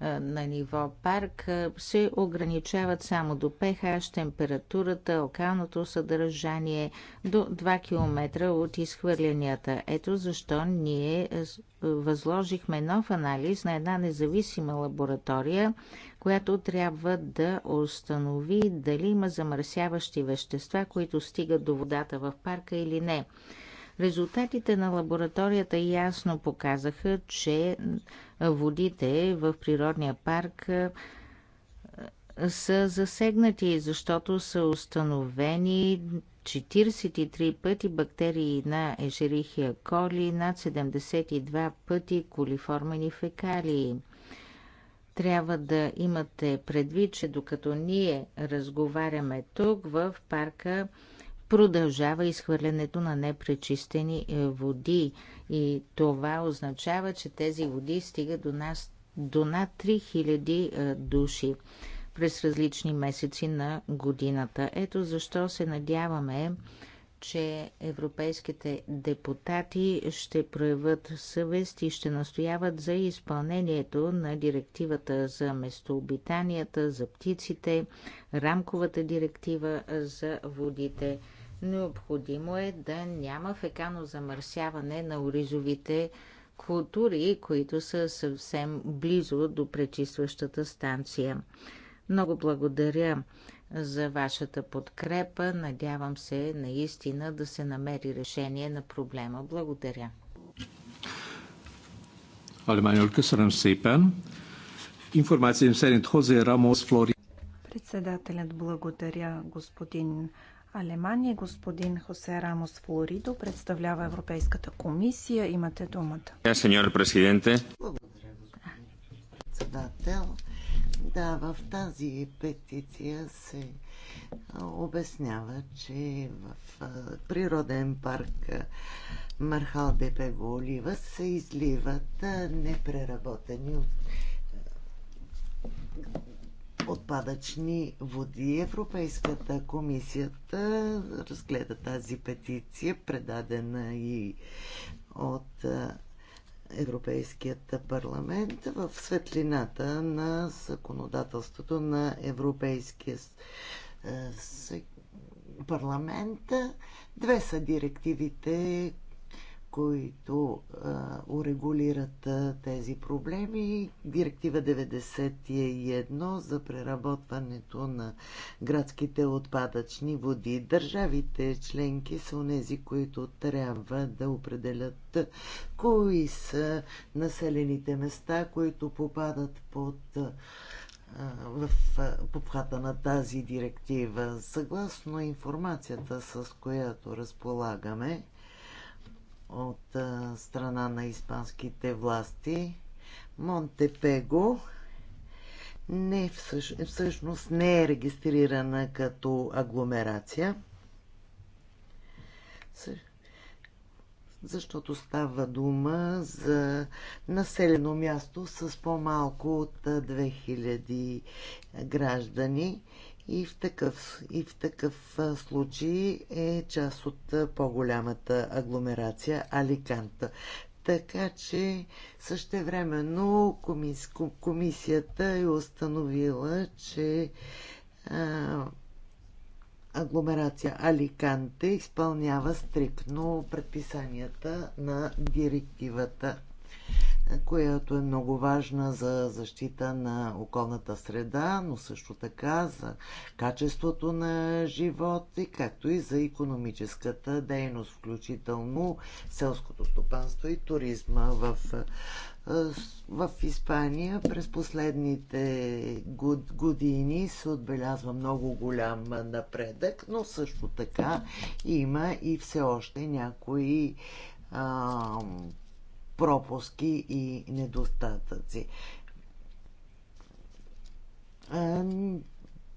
на ниво парк се ограничават само до pH, температурата, окалното съдържание до 2 км от изхвърлянията. Ето защо ние възложихме нов анализ на една независима лаборатория която трябва да установи дали има замърсяващи вещества, които стигат до водата в парка или не. Резултатите на лабораторията ясно показаха, че водите в природния парк е, са засегнати, защото са установени 43 пъти бактерии на Ежерихия коли, над 72 пъти колиформени фекалии. Трябва да имате предвид, че докато ние разговаряме тук в парка, продължава изхвърлянето на непречистени е, води. И това означава, че тези води стигат до нас до над 3000 е, души през различни месеци на годината. Ето защо се надяваме че европейските депутати ще проявят съвест и ще настояват за изпълнението на директивата за местообитанията, за птиците, рамковата директива за водите. Необходимо е да няма фекано замърсяване на оризовите култури, които са съвсем близо до пречистващата станция. Много благодаря за вашата подкрепа. Надявам се наистина да се намери решение на проблема. Благодаря.
Председателят благодаря господин Алемания, господин Хосе Рамос Флоридо представлява Европейската комисия. Имате думата.
Благодаря,
господин председател. Да, в тази петиция се обяснява, че в природен парк Мархал Депего Олива се изливат непреработени отпадъчни води. Европейската комисията разгледа тази петиция, предадена и от Европейският парламент в светлината на законодателството на Европейския е, парламент. Две са директивите, които а, урегулират а, тези проблеми. Директива 91 за преработването на градските отпадъчни води. Държавите членки са онези, които трябва да определят кои са населените места, които попадат под в обхвата на тази директива. Съгласно информацията, с която разполагаме, от страна на испанските власти. Монтепего не, е всъщност не е регистрирана като агломерация, защото става дума за населено място с по-малко от 2000 граждани и в такъв, и в такъв случай е част от по-голямата агломерация Аликанта. Така че същевременно комис, комисията е установила, че а, агломерация Аликанте изпълнява стриктно предписанията на директивата която е много важна за защита на околната среда, но също така за качеството на живот и както и за економическата дейност, включително селското стопанство и туризма в в Испания през последните години се отбелязва много голям напредък, но също така има и все още някои а, пропуски и недостатъци.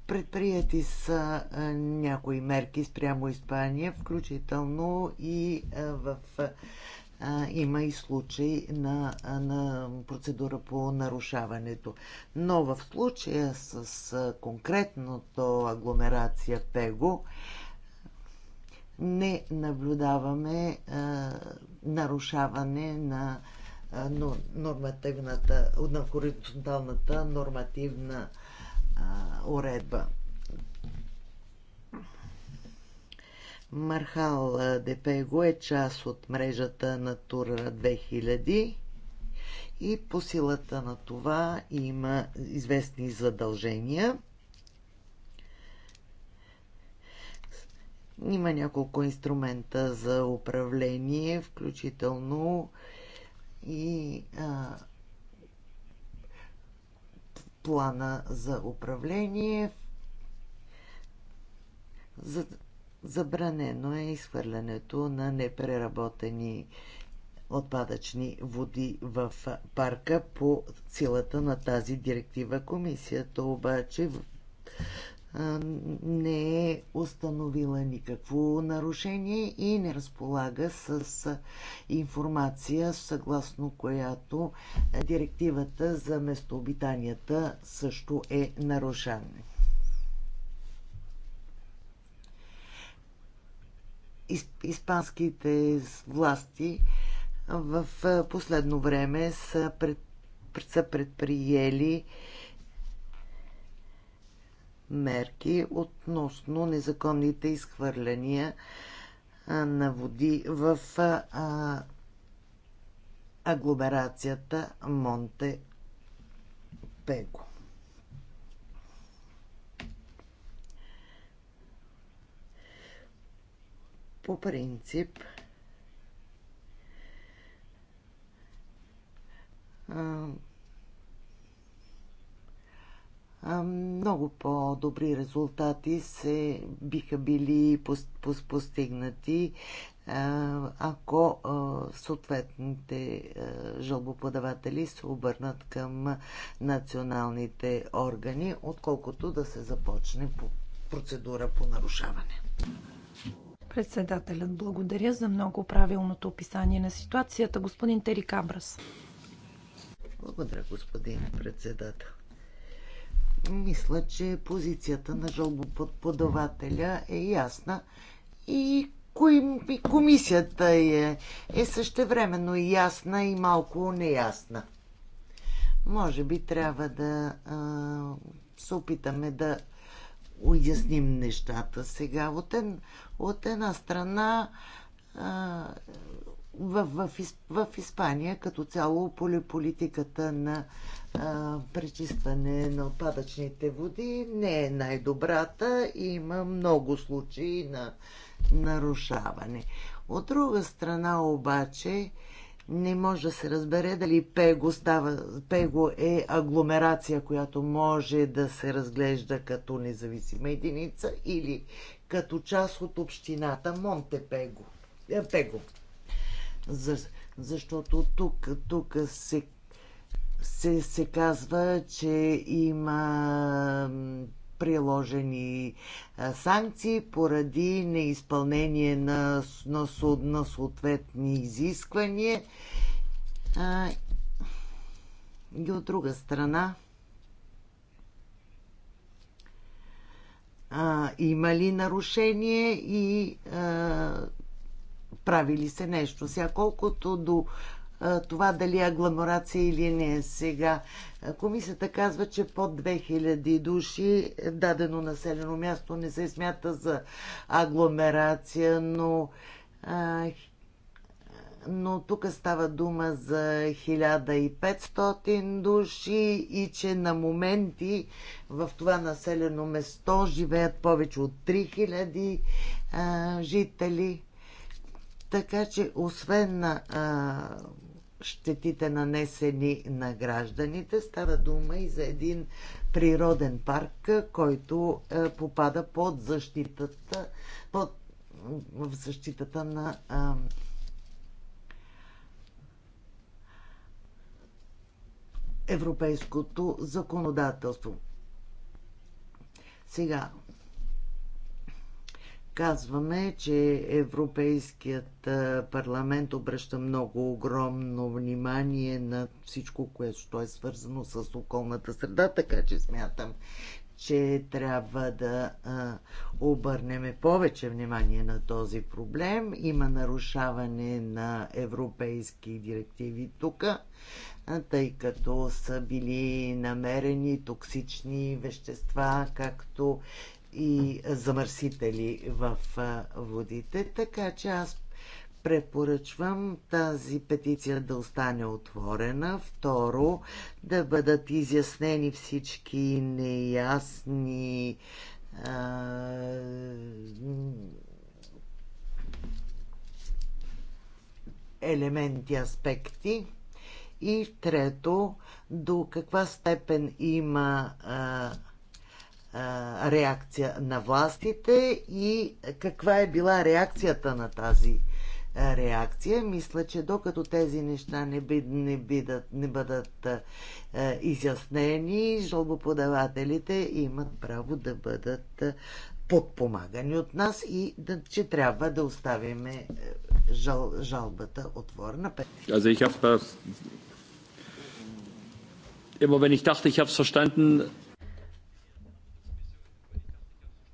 Предприяти са някои мерки спрямо Испания, включително и в има и случаи на, на процедура по нарушаването. Но в случая с конкретното агломерация ПЕГО, не наблюдаваме а, нарушаване на а, нормативната, на хоризонталната нормативна а, уредба. Мархал Депего е част от мрежата на Тура 2000 и по силата на това има известни задължения. Има няколко инструмента за управление, включително и а, плана за управление. За, забранено е изхвърлянето на непреработени отпадъчни води в парка по силата на тази директива. Комисията обаче не е установила никакво нарушение и не разполага с информация, съгласно която директивата за местообитанията също е нарушена. Испанските власти в последно време са, пред, са предприели мерки относно незаконните изхвърляния на води в агломерацията Монте Пего. По принцип, много по-добри резултати се биха били постигнати, ако съответните жалбоподаватели се обърнат към националните органи, отколкото да се започне по процедура по нарушаване.
Председателят, благодаря за много правилното описание на ситуацията. Господин Терикабрас.
Благодаря, господин председател мисля, че позицията на жалбоподавателя е ясна и комисията е, е същевременно ясна и малко неясна. Може би трябва да а, се опитаме да уясним нещата сега. От, ен, от една страна а, в, в, в Испания като цяло политиката на а, пречистване на отпадъчните води не е най-добрата и има много случаи на нарушаване. От друга страна обаче не може да се разбере дали Пего, става, Пего е агломерация, която може да се разглежда като независима единица или като част от общината Монте Пего. Е, Пего. За, защото тук, тук се, се, се казва, че има приложени санкции поради неизпълнение на, на, на съответни изисквания. А, и от друга страна, а, има ли нарушение и а, прави ли се нещо. Сега колкото до това дали е агломерация или не. е Сега комисията казва, че под 2000 души е, дадено населено място не се смята за агломерация, но, а, но тук става дума за 1500 души и че на моменти в това населено место живеят повече от 3000 а, жители. Така че, освен на а, щетите нанесени на гражданите, става дума и за един природен парк, който а, попада под защитата, под, в защитата на а, европейското законодателство. Сега, казваме, че Европейският парламент обръща много огромно внимание на всичко, което е свързано с околната среда, така че смятам, че трябва да а, обърнем повече внимание на този проблем. Има нарушаване на европейски директиви тук, тъй като са били намерени токсични вещества, както и замърсители в водите, така че аз препоръчвам тази петиция да остане отворена. Второ, да бъдат изяснени всички неясни елементи, аспекти. И трето, до каква степен има а, реакция на властите и каква е била реакцията на тази реакция. Мисля, че докато тези неща не, би, не, бидат, не бъдат а, изяснени, жалбоподавателите имат право да бъдат подпомагани от нас и да, че трябва да оставим жал, жалбата отворена.
Also ich habe äh,
immer wenn ich dachte, ich verstanden,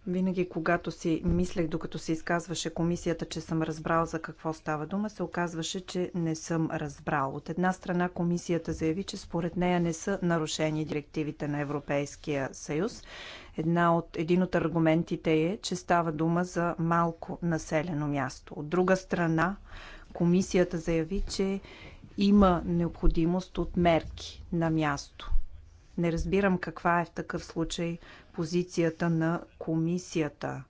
винаги, когато си мислех, докато се изказваше комисията, че съм разбрал за какво става дума, се оказваше, че не съм разбрал. От една страна комисията заяви, че според нея не са нарушени директивите на Европейския съюз. Една от, един от аргументите е, че става дума за малко населено място. От друга страна, комисията заяви, че има необходимост от мерки на място. Не разбирам каква е в такъв случай позицията на комисията.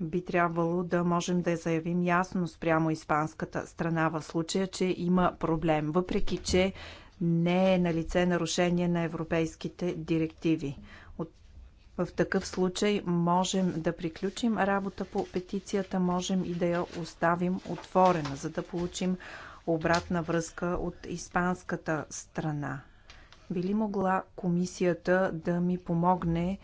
би трябвало да можем да я заявим ясно спрямо испанската страна в случая, че има проблем, въпреки че не е на лице нарушение на европейските директиви. В такъв случай можем да приключим работа по петицията, можем и да я оставим отворена, за да получим обратна връзка от испанската страна. Би ли могла комисията да ми помогне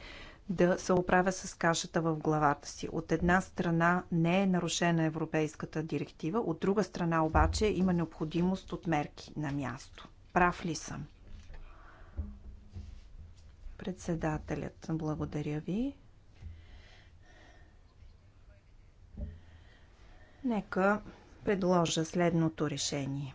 да се оправя с кашата в главата си. От една страна не е нарушена европейската директива, от друга страна обаче има необходимост от мерки на място. Прав ли съм? Председателят, благодаря ви. Нека предложа следното решение.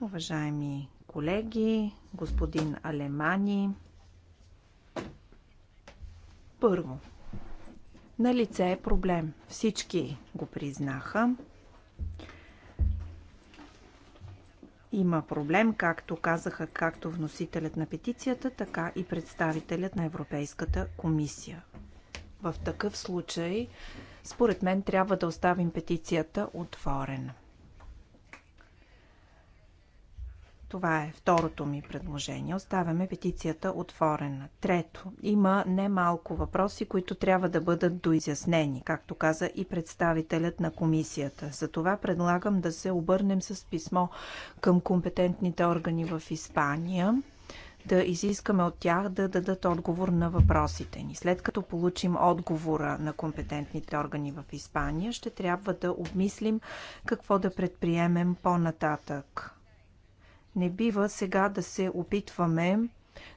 Уважаеми колеги, господин Алемани, първо, на лице е проблем. Всички го признаха. Има проблем, както казаха както вносителят на петицията, така и представителят на Европейската комисия. В такъв случай, според мен, трябва да оставим петицията отворена. Това е второто ми предложение. Оставяме петицията отворена. Трето, има немалко въпроси, които трябва да бъдат доизяснени, както каза и представителят на комисията. Затова предлагам да се обърнем с писмо към компетентните органи в Испания да изискаме от тях да дадат отговор на въпросите ни. След като получим отговора на компетентните органи в Испания, ще трябва да обмислим какво да предприемем по-нататък. Не бива сега да се опитваме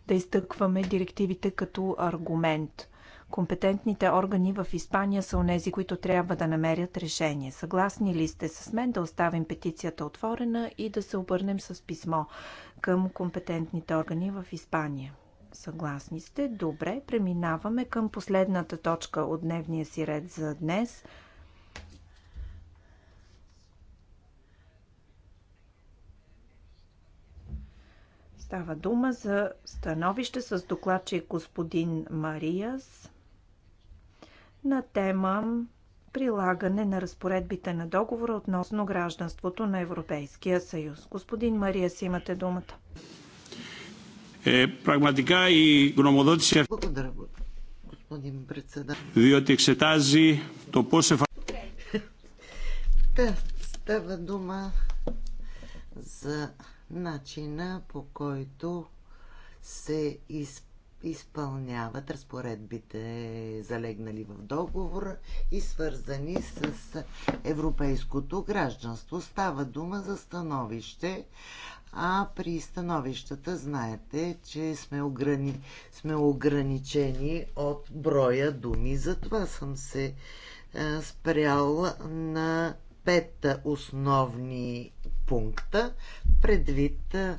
да изтъкваме директивите като аргумент. Компетентните органи в Испания са онези, които трябва да намерят решение. Съгласни ли сте с мен да оставим петицията отворена и да се обърнем с писмо към компетентните органи в Испания? Съгласни сте? Добре, преминаваме към последната точка от дневния си ред за днес. Става дума за становище с че господин Мариас на тема прилагане на разпоредбите на договора относно гражданството на Европейския съюз. Господин Мария, си имате думата. Е, Благодаря,
господин председател,
αυτή διότι εξετάζει το πώς
Да, става дума за начина по който се изпълнява изпълняват разпоредбите, залегнали в договора и свързани с европейското гражданство. Става дума за становище, а при становищата знаете, че сме, ограни... сме ограничени от броя думи. Затова съм се е, спрял на пет основни пункта предвид е,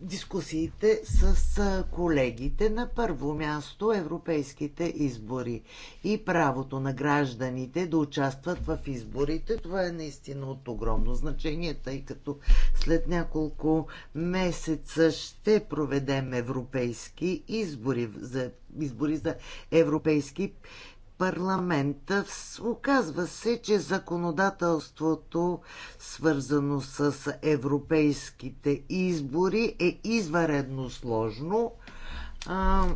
дискусиите с колегите. На първо място европейските избори и правото на гражданите да участват в изборите. Това е наистина от огромно значение, тъй като след няколко месеца ще проведем европейски избори за, избори за европейски парламента. Оказва се, че законодателството, свързано с европейските избори, е изваредно сложно. А,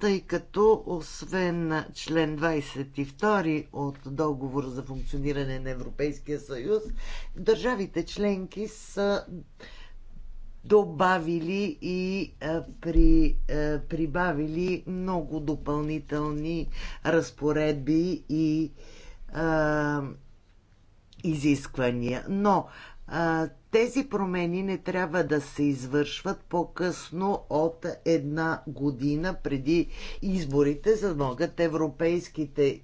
тъй като освен член 22 от договор за функциониране на Европейския съюз, държавите членки са добавили и е, при, е, прибавили много допълнителни разпоредби и а, е, изисквания. Но а, тези промени не трябва да се извършват по-късно от една година преди изборите, за да могат европейските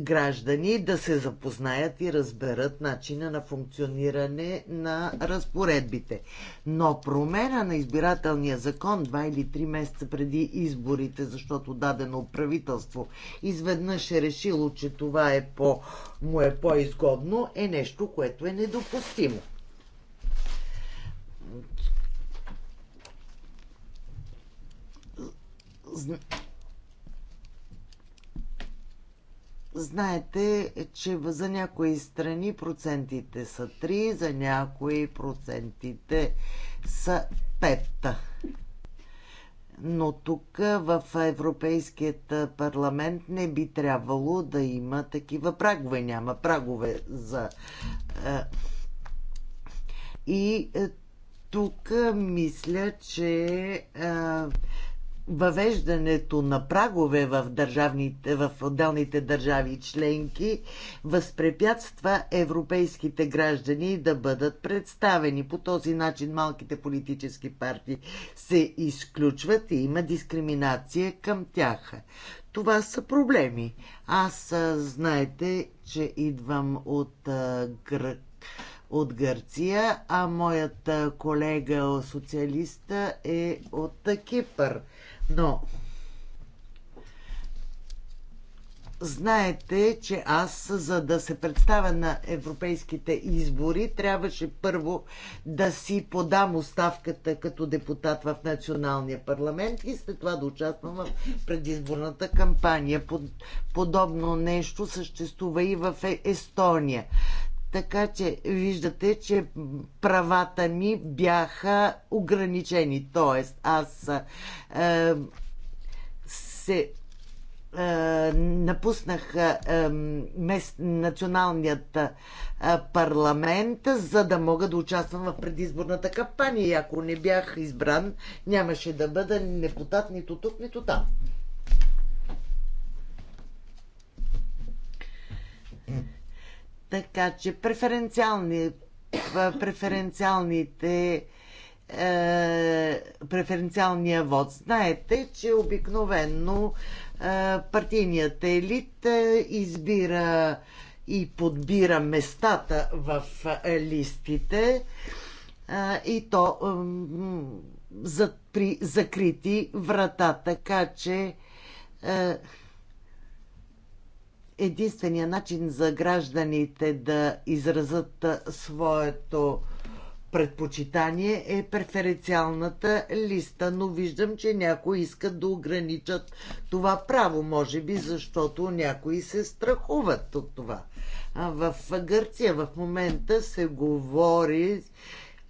граждани да се запознаят и разберат начина на функциониране на разпоредбите. Но промена на избирателния закон 2 или 3 месеца преди изборите, защото дадено правителство изведнъж е решило, че това е по, му е по-изгодно, е нещо, което е недопустимо. Знаете, че за някои страни процентите са 3, за някои процентите са 5. Но тук в Европейският парламент не би трябвало да има такива прагове. Няма прагове за. И тук мисля, че въвеждането на прагове в, държавните, в отделните държави членки възпрепятства европейските граждани да бъдат представени. По този начин малките политически партии се изключват и има дискриминация към тях. Това са проблеми. Аз знаете, че идвам от Грък от Гърция, а моят колега социалиста е от Кипър. Но знаете, че аз, за да се представя на европейските избори, трябваше първо да си подам оставката като депутат в Националния парламент и след това да участвам в предизборната кампания. Подобно нещо съществува и в е- Естония. Така че виждате, че правата ми бяха ограничени. Тоест, аз е, се е, напуснах е, мест, националният е, парламент, за да мога да участвам в предизборната кампания. И ако не бях избран, нямаше да бъда депутат нито тук, нито там. Mm. Така че преференциални, преференциалните е, преференциалния вод. Знаете, че обикновенно е, партийният елит е, избира и подбира местата в листите и то при закрити врата. Така че единствения начин за гражданите да изразят своето предпочитание е преференциалната листа, но виждам, че някои искат да ограничат това право, може би защото някои се страхуват от това. А в Гърция в момента се говори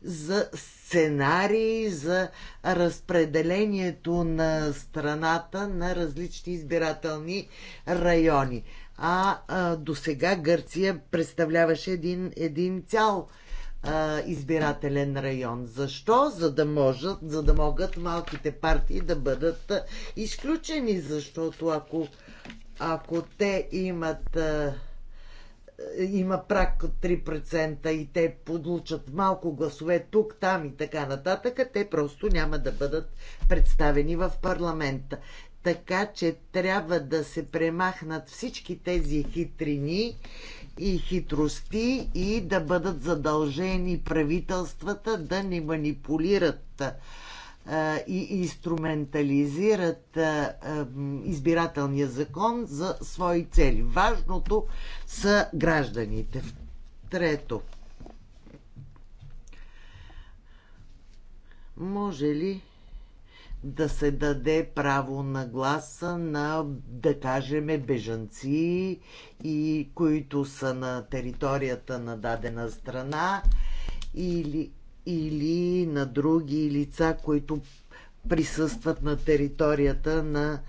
за сценарии за разпределението на страната на различни избирателни райони а, а до сега Гърция представляваше един, един цял а, избирателен район. Защо? За да, можат, за да могат малките партии да бъдат а, изключени, защото ако, ако те имат а, има прак от 3% и те получат малко гласове тук, там и така нататък, те просто няма да бъдат представени в парламента така че трябва да се премахнат всички тези хитрини и хитрости и да бъдат задължени правителствата да не манипулират и инструментализират избирателния закон за свои цели. Важното са гражданите. Трето. Може ли да се даде право на гласа на, да кажем, бежанци и които са на територията на дадена страна или, или на други лица, които присъстват на територията на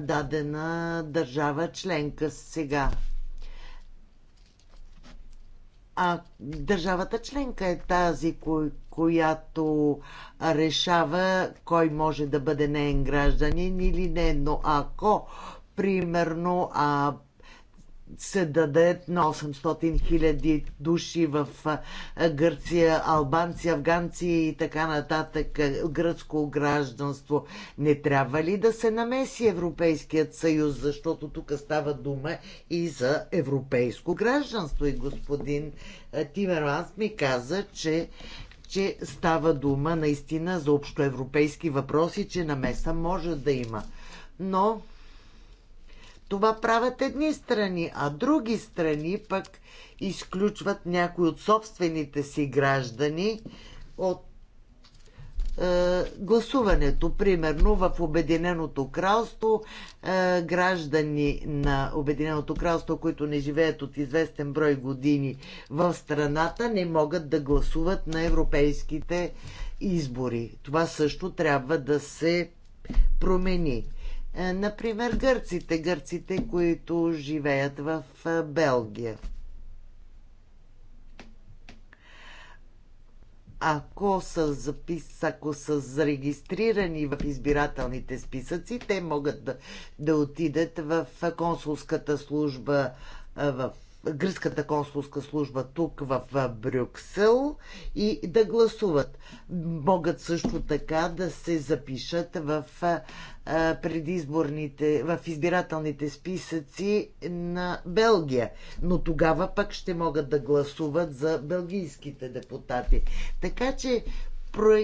дадена държава членка. Сега а държавата членка е тази, която решава кой може да бъде неен гражданин или не. Но ако, примерно, а се даде на 800 хиляди души в Гърция, албанци, афганци и така нататък, гръцко гражданство. Не трябва ли да се намеси Европейският съюз, защото тук става дума и за европейско гражданство? И господин Тимерманс ми каза, че че става дума наистина за общоевропейски въпроси, че намеса може да има. Но това правят едни страни, а други страни пък изключват някои от собствените си граждани от е, гласуването. Примерно в Обединеното кралство е, граждани на Обединеното кралство, които не живеят от известен брой години в страната, не могат да гласуват на европейските избори. Това също трябва да се промени. Е, например, гърците, гърците, които живеят в е, Белгия. ако са, запис... ако са зарегистрирани в избирателните списъци, те могат да, да отидат в е, консулската служба в гръцката консулска служба тук в Брюксел и да гласуват. Могат също така да се запишат в предизборните, в избирателните списъци на Белгия. Но тогава пък ще могат да гласуват за белгийските депутати. Така че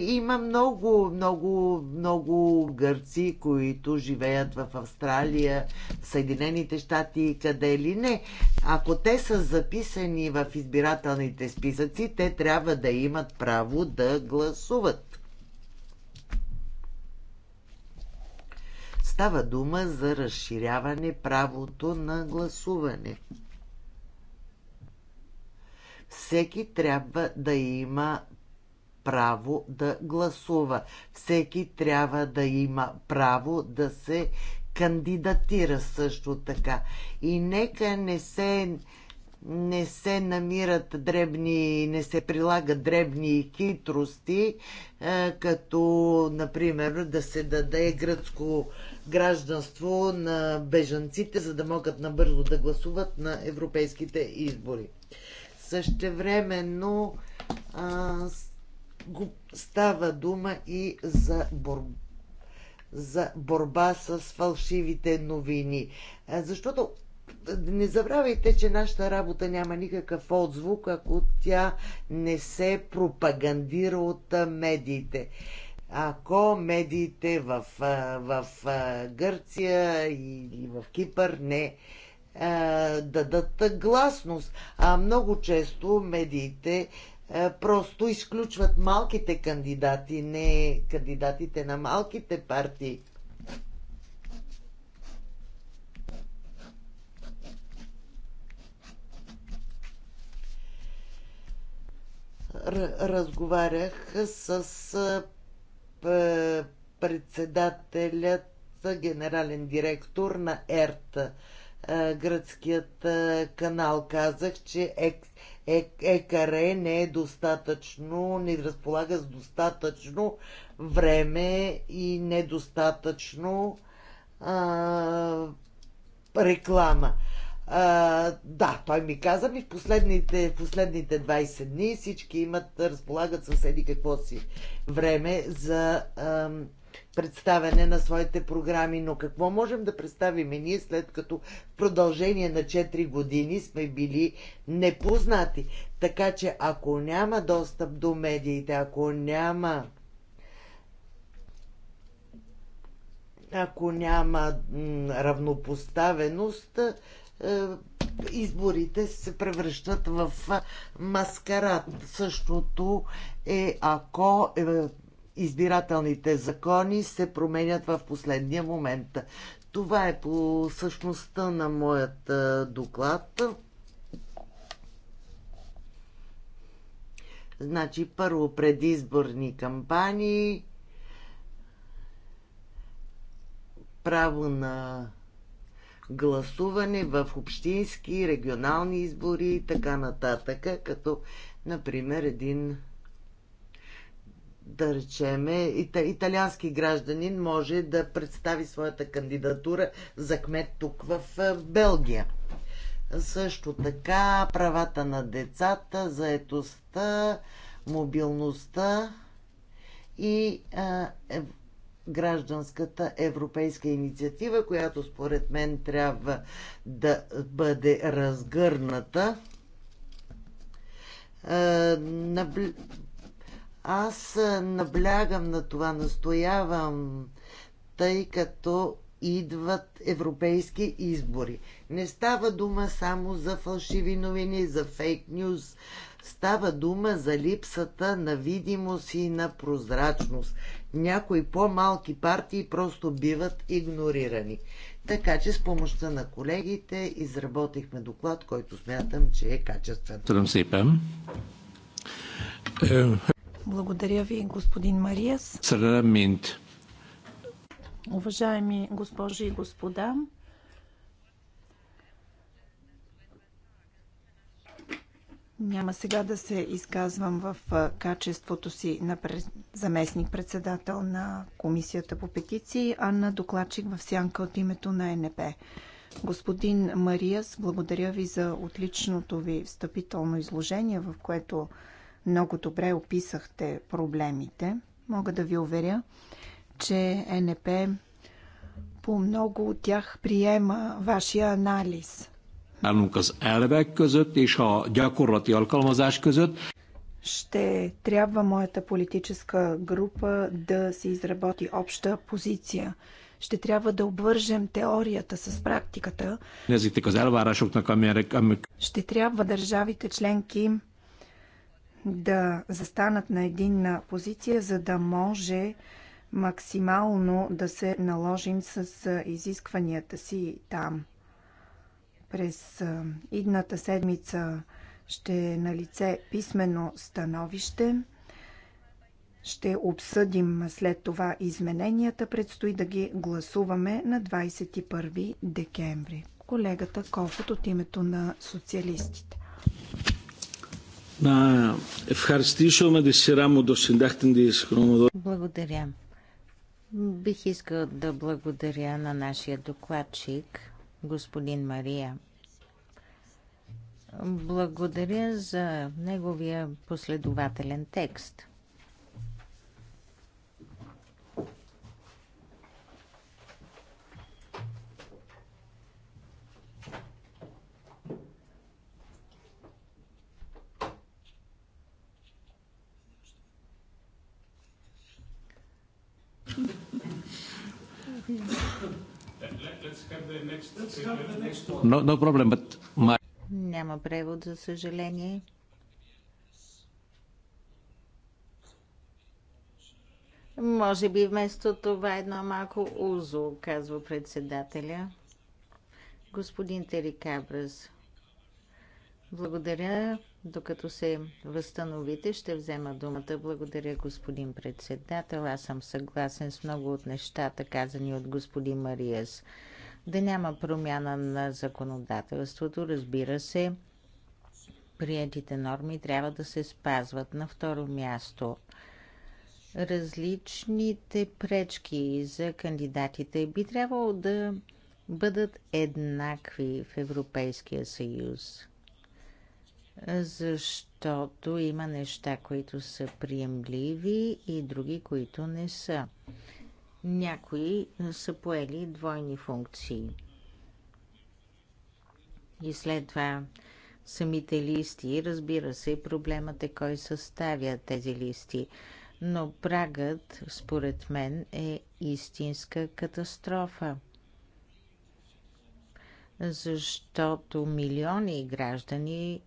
има много, много, много гърци, които живеят в Австралия, в Съединените щати и къде ли не. Ако те са записани в избирателните списъци, те трябва да имат право да гласуват. Става дума за разширяване правото на гласуване всеки трябва да има право да гласува. Всеки трябва да има право да се кандидатира също така. И нека не се не се намират дребни, не се прилагат дребни хитрости, е, като, например, да се даде гръцко гражданство на бежанците, за да могат набързо да гласуват на европейските избори. Същевременно а, става дума и за борба за борба с фалшивите новини. Е, защото е, не забравяйте, че нашата работа няма никакъв отзвук, ако тя не се пропагандира от е, медиите. Ако медиите в, в Гърция или в Кипър не дадат гласност, а много често медиите е, просто изключват малките кандидати, не кандидатите на малките партии. разговарях с е, председателят, генерален директор на ЕРТ. Е, гръцкият канал казах, че каре, не е достатъчно, не разполага с достатъчно време и недостатъчно а, реклама. А, да, той ми каза ми в последните, в последните 20 дни всички имат, разполагат със еди какво си време за а, представяне на своите програми, но какво можем да представим и ние след като в продължение на 4 години сме били непознати. Така че ако няма достъп до медиите, ако няма ако няма равнопоставеност, е, изборите се превръщат в маскарад. Същото е ако е, избирателните закони се променят в последния момент. Това е по същността на моят е, доклад. Значи първо предизборни кампании, право на гласуване в общински, регионални избори и така нататък, като, например, един да речеме, ита, италиански гражданин може да представи своята кандидатура за кмет тук в е, Белгия. Също така правата на децата, заетостта, мобилността и а, е, гражданската европейска инициатива, която според мен трябва да бъде разгърната. Е, а, аз наблягам на това, настоявам, тъй като идват европейски избори. Не става дума само за фалшиви новини, за фейк нюз. Става дума за липсата на видимост и на прозрачност. Някои по-малки партии просто биват игнорирани. Така че с помощта на колегите изработихме доклад, който смятам, че е качествен.
Благодаря ви, господин Мариас. Сърдамент. Уважаеми госпожи и господа, Няма сега да се изказвам в качеството си на заместник-председател на Комисията по петиции, а на докладчик в сянка от името на НП. Господин Мариас, благодаря ви за отличното ви встъпително изложение, в което много добре описахте проблемите. Мога да ви уверя, че НП по много от тях приема вашия анализ. Ще трябва моята политическа група да се изработи обща позиция. Ще трябва да обвържем теорията с практиката. Ще трябва държавите членки да застанат на единна позиция, за да може максимално да се наложим с изискванията си там. През идната седмица ще е на лице писмено становище. Ще обсъдим след това измененията. Предстои да ги гласуваме на 21 декември. Колегата Кофът от името на социалистите.
Να τη σειρά μου το συντάκτη Благодаря. Бих искал да благодаря на нашия докладчик, господин Мария. Благодаря за неговия последователен текст. Няма превод, за съжаление. Може би вместо това едно малко узо, казва председателя. Господин Терикабрас. Благодаря. Докато се възстановите, ще взема думата. Благодаря, господин председател. Аз съм съгласен с много от нещата, казани от господин Мариес. Да няма промяна на законодателството, разбира се. Приятите норми трябва да се спазват. На второ място, различните пречки за кандидатите би трябвало да бъдат еднакви в Европейския съюз защото има неща, които са приемливи и други, които не са. Някои са поели двойни функции. И след това самите листи, разбира се, проблемът е кой съставя тези листи. Но прагът, според мен, е истинска катастрофа защото милиони граждани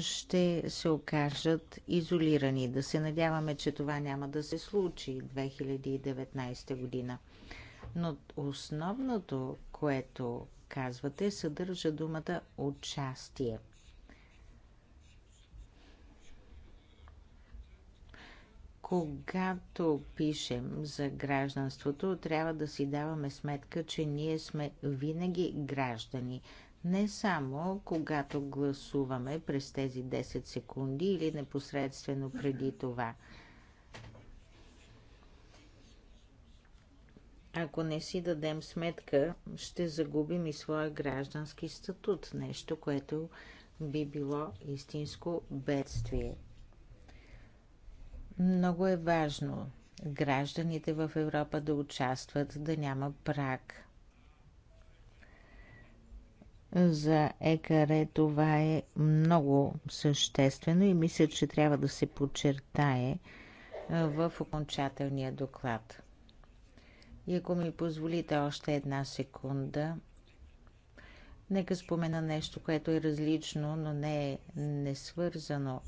ще се окажат изолирани. Да се надяваме, че това няма да се случи 2019 година. Но основното, което казвате, съдържа думата участие. Когато пишем за гражданството, трябва да си даваме сметка, че ние сме винаги граждани – не само когато гласуваме през тези 10 секунди или непосредствено преди това. Ако не си дадем сметка, ще загубим и своя граждански статут, нещо, което би било истинско бедствие. Много е важно гражданите в Европа да участват, да няма прак за ЕКР е това е много съществено и мисля, че трябва да се подчертае в окончателния доклад. И ако ми позволите още една секунда, нека спомена нещо, което е различно, но не е несвързано.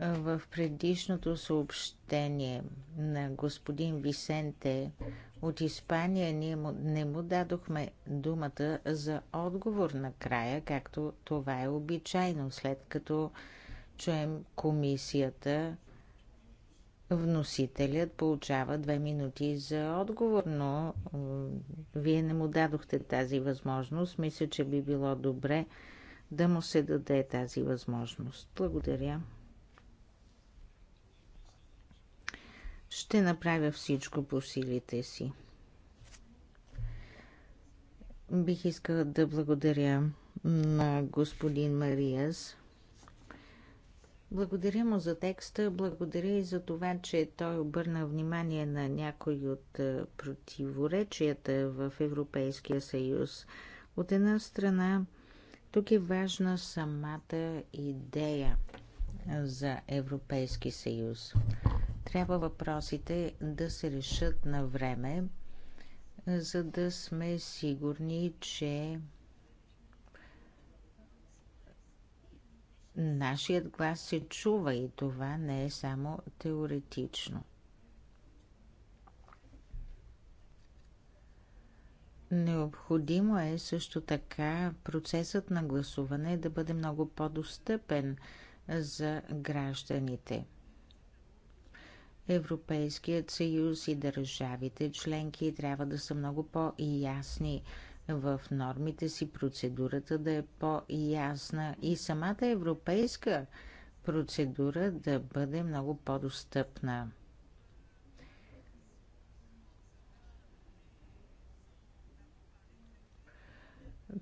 В предишното съобщение на господин Висенте от Испания ние му, не му дадохме думата за отговор накрая, както това е обичайно, след като чуем комисията, вносителят получава две минути за отговор, но вие не му дадохте тази възможност. Мисля, че би било добре да му се даде тази възможност. Благодаря. Ще направя всичко по силите си. Бих искала да благодаря на господин Мариас. Благодаря му за текста, благодаря и за това, че той обърна внимание на някои от е, противоречията в Европейския съюз. От една страна, тук е важна самата идея за Европейски съюз. Трябва въпросите да се решат на време, за да сме сигурни, че нашият глас се чува и това не е само теоретично. Необходимо е също така процесът на гласуване да бъде много по-достъпен за гражданите – Европейският съюз и държавите членки трябва да са много по-ясни в нормите си, процедурата да е по-ясна и самата европейска процедура да бъде много по-достъпна.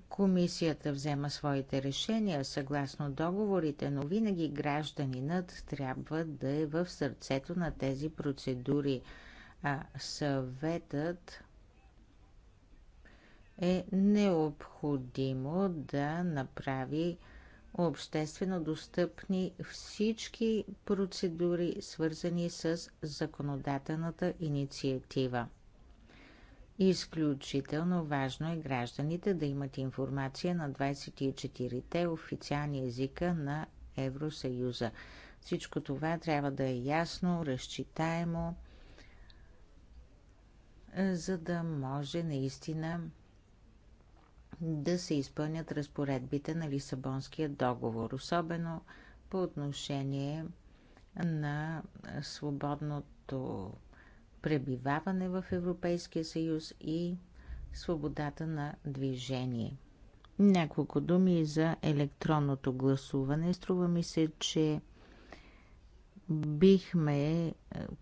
Комисията взема своите решения съгласно договорите, но винаги гражданинът трябва да е в сърцето на тези процедури, а съветът е необходимо да направи обществено достъпни всички процедури, свързани с законодателната инициатива. Изключително важно е гражданите да имат информация на 24-те официални езика на Евросъюза. Всичко това трябва да е ясно, разчитаемо, за да може наистина да се изпълнят разпоредбите на Лисабонския договор, особено по отношение на свободното пребиваване в Европейския съюз и свободата на движение. Няколко думи за електронното гласуване. Струва ми се, че бихме е,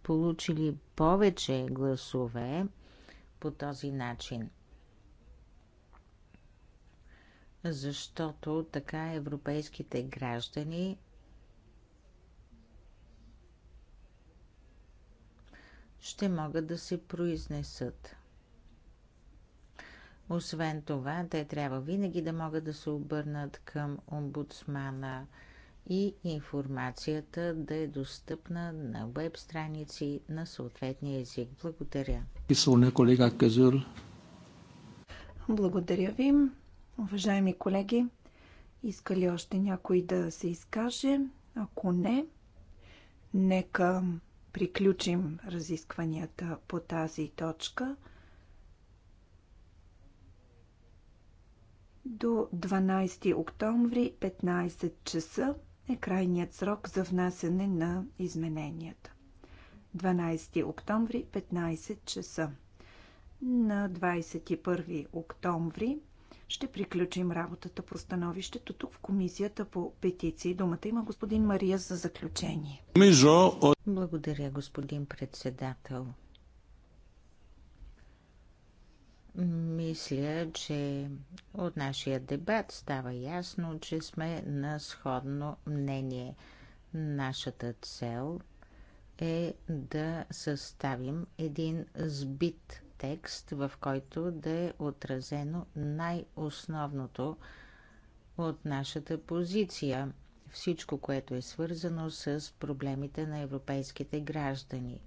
получили повече гласове по този начин. Защото така европейските граждани ще могат да се произнесат. Освен това, те трябва винаги да могат да се обърнат към омбудсмана и информацията да е достъпна на веб страници на съответния език.
Благодаря.
колега Казур.
Благодаря ви, уважаеми колеги. Иска ли още някой да се изкаже? Ако не, нека приключим разискванията по тази точка. До 12 октомври 15 часа е крайният срок за внасяне на измененията. 12 октомври 15 часа. На 21 октомври ще приключим работата по становището тук в Комисията по петиции. Думата има господин Мария за заключение.
Благодаря, господин председател. Мисля, че от нашия дебат става ясно, че сме на сходно мнение. Нашата цел е да съставим един сбит текст, в който да е отразено най-основното от нашата позиция всичко, което е свързано с проблемите на европейските граждани.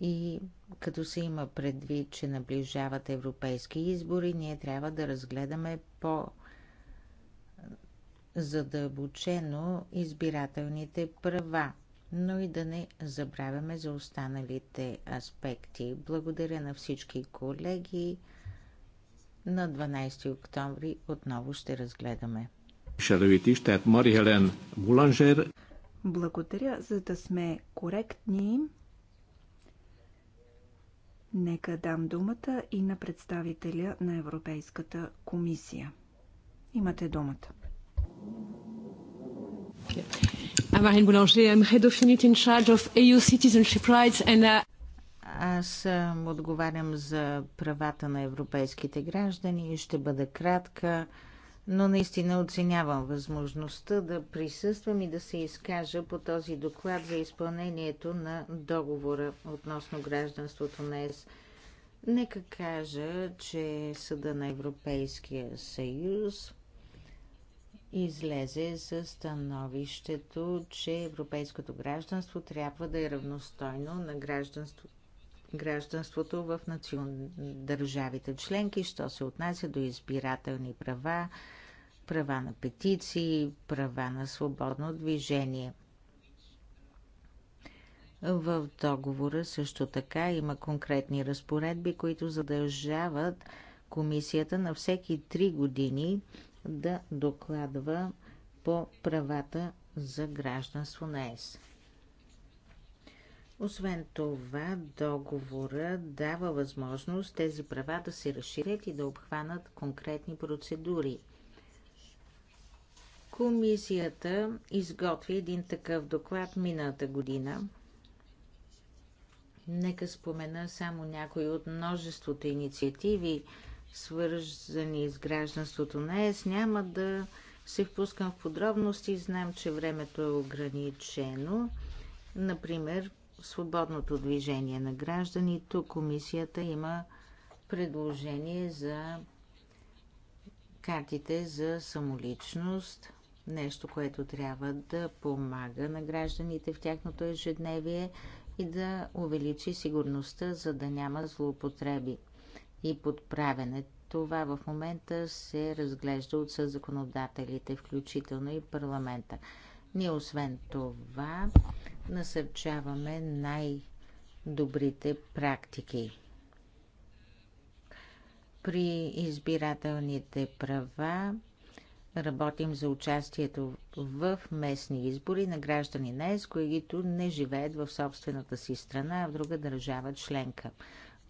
И като се има предвид, че наближават европейски избори, ние трябва да разгледаме по задълбочено избирателните права но и да не забравяме за останалите аспекти. Благодаря на всички колеги. На 12 октомври отново ще разгледаме.
Благодаря, за да сме коректни. Нека дам думата и на представителя на Европейската комисия. Имате думата. Marine Boulanger. I'm head of unit in charge of EU citizenship rights and uh...
Аз отговарям за правата на европейските граждани и ще бъда кратка, но наистина оценявам възможността да присъствам и да се изкажа по този доклад за изпълнението на договора относно гражданството на ЕС. Нека кажа, че Съда на Европейския съюз излезе със становището, че европейското гражданство трябва да е равностойно на гражданство, гражданството в национ... държавите членки, що се отнася до избирателни права, права на петиции, права на свободно движение. В договора също така има конкретни разпоредби, които задължават комисията на всеки три години да докладва по правата за гражданство на ЕС. Освен това, договора дава възможност тези права да се разширят и да обхванат конкретни процедури. Комисията изготви един такъв доклад миналата година. Нека спомена само някои от множеството инициативи, свързани с гражданството на ЕС. Няма да се впускам в подробности. Знам, че времето е ограничено. Например, свободното движение на граждани. Тук комисията има предложение за картите за самоличност. Нещо, което трябва да помага на гражданите в тяхното ежедневие и да увеличи сигурността, за да няма злоупотреби и подправяне. Това в момента се разглежда от законодателите, включително и парламента. Ние освен това насърчаваме най-добрите практики. При избирателните права работим за участието в местни избори на граждани НЕС, които не живеят в собствената си страна, а в друга държава членка.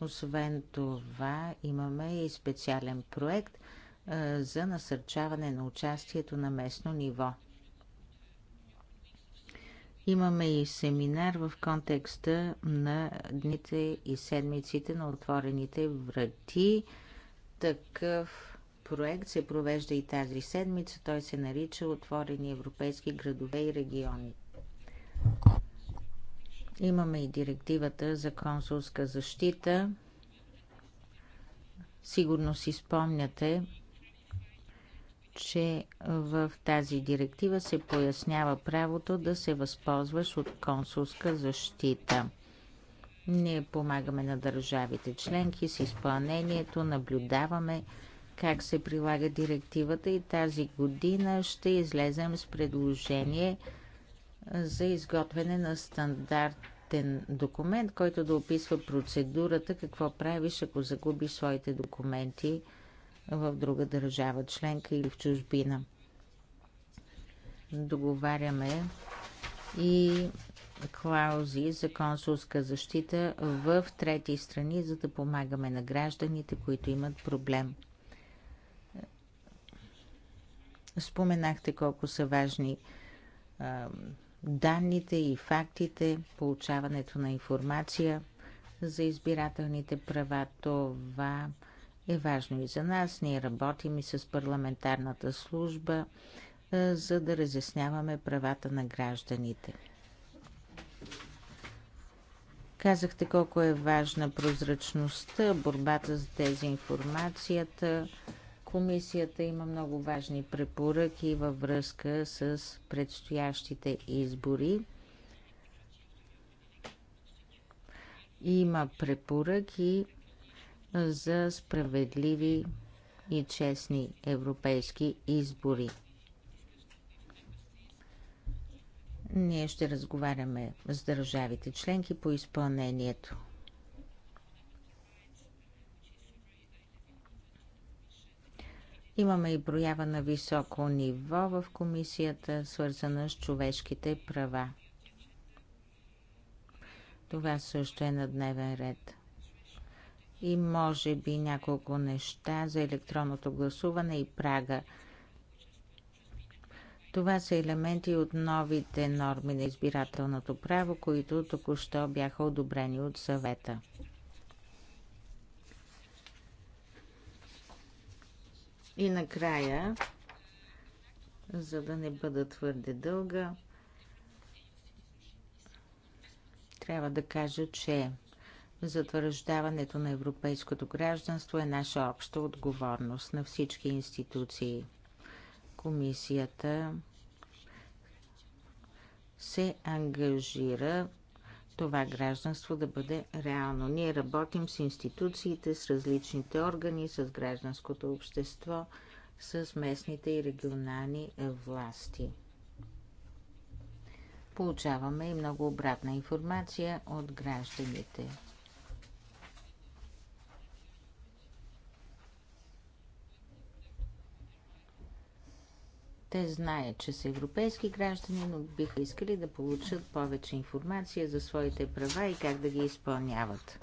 Освен това, имаме и специален проект за насърчаване на участието на местно ниво. Имаме и семинар в контекста на дните и седмиците на отворените врати. Такъв проект се провежда и тази седмица. Той се нарича Отворени европейски градове и региони. Имаме и директивата за консулска защита. Сигурно си спомняте, че в тази директива се пояснява правото да се възползваш от консулска защита. Ние помагаме на държавите членки с изпълнението, наблюдаваме как се прилага директивата и тази година ще излезем с предложение – за изготвяне на стандартен документ, който да описва процедурата, какво правиш, ако загубиш своите документи в друга държава членка или в чужбина. Договаряме и клаузи за консулска защита в трети страни, за да помагаме на гражданите, които имат проблем. Споменахте колко са важни данните и фактите, получаването на информация за избирателните права. Това е важно и за нас. Ние работим и с парламентарната служба, за да разясняваме правата на гражданите. Казахте колко е важна прозрачността, борбата с дезинформацията, информацията Комисията има много важни препоръки във връзка с предстоящите избори. Има препоръки за справедливи и честни европейски избори. Ние ще разговаряме с държавите членки по изпълнението. Имаме и проява на високо ниво в комисията, свързана с човешките права. Това също е на дневен ред. И може би няколко неща за електронното гласуване и прага. Това са елементи от новите норми на избирателното право, които току-що бяха одобрени от съвета. И накрая, за да не бъда твърде дълга, трябва да кажа, че затвърждаването на европейското гражданство е наша обща отговорност на всички институции. Комисията се ангажира това гражданство да бъде реално. Ние работим с институциите, с различните органи, с гражданското общество, с местните и регионални власти. Получаваме и много обратна информация от гражданите. Те знаят, че са европейски граждани, но биха искали да получат повече информация за своите права и как да ги изпълняват.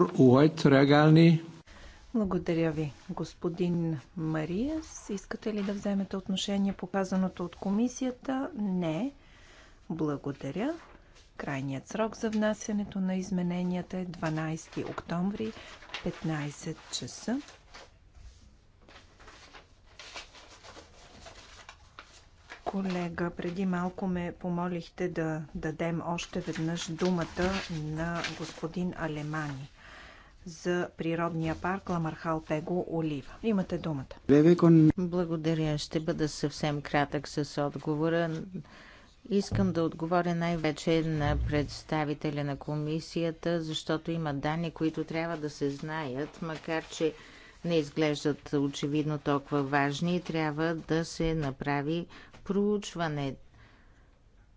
Благодаря ви, господин Мариас. Искате ли да вземете отношение по казаното от комисията? Не. Благодаря. Крайният срок за внасянето на измененията е 12 октомври, 15 часа. Колега, преди малко ме помолихте да дадем още веднъж думата на господин Алемани за природния парк Ламархал Пего Олива. Имате думата.
Благодаря. Ще бъда съвсем кратък с отговора. Искам да отговоря най-вече на представителя на комисията, защото има данни, които трябва да се знаят, макар че не изглеждат очевидно толкова важни и трябва да се направи проучване.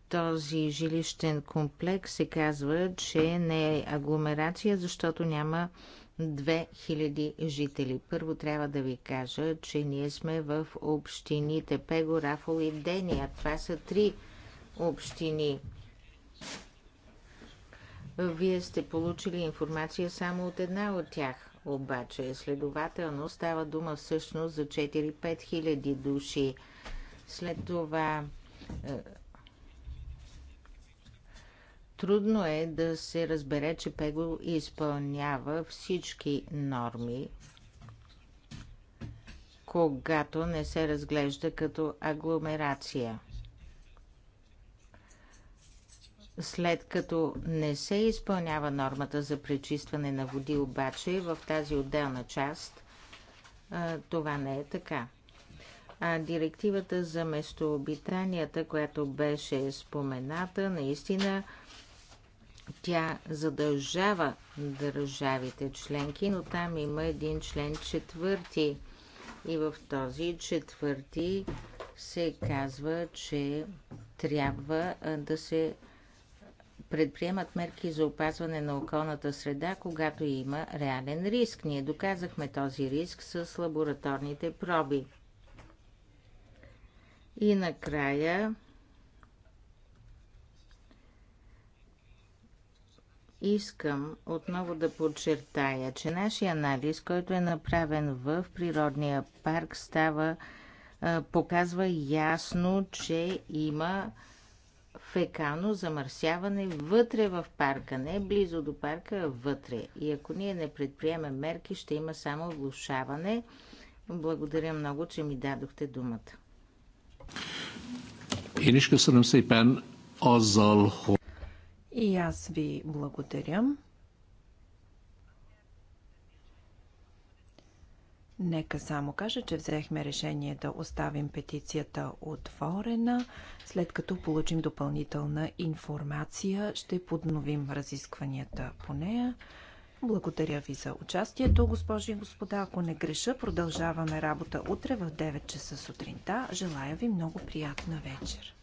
Този жилищен комплекс се казва, че не е агломерация, защото няма 2000 жители. Първо трябва да ви кажа, че ние сме в общините Пего, Рафол и Дения. Това са три общини. Вие сте получили информация само от една от тях. Обаче, следователно, става дума всъщност за 4-5 хиляди души. След това е, трудно е да се разбере, че Пего изпълнява всички норми, когато не се разглежда като агломерация. След като не се изпълнява нормата за пречистване на води, обаче в тази отделна част е, това не е така. А директивата за местообитанията, която беше спомената, наистина тя задължава държавите членки, но там има един член четвърти. И в този четвърти се казва, че трябва да се предприемат мерки за опазване на околната среда, когато има реален риск. Ние доказахме този риск с лабораторните проби. И накрая искам отново да подчертая, че нашия анализ, който е направен в природния парк, става, показва ясно, че има фекално замърсяване вътре в парка, не близо до парка, а вътре. И ако ние не предприемем мерки, ще има само влушаване. Благодаря много, че ми дадохте думата.
Én is köszönöm szépen azzal, hogy... И аз ви благодаря. Нека само кажа, че взехме решение да оставим петицията отворена. След като получим допълнителна информация, ще подновим разискванията по нея. Благодаря ви за участието, госпожи и господа. Ако не греша, продължаваме работа утре в 9 часа сутринта. Желая ви много приятна вечер.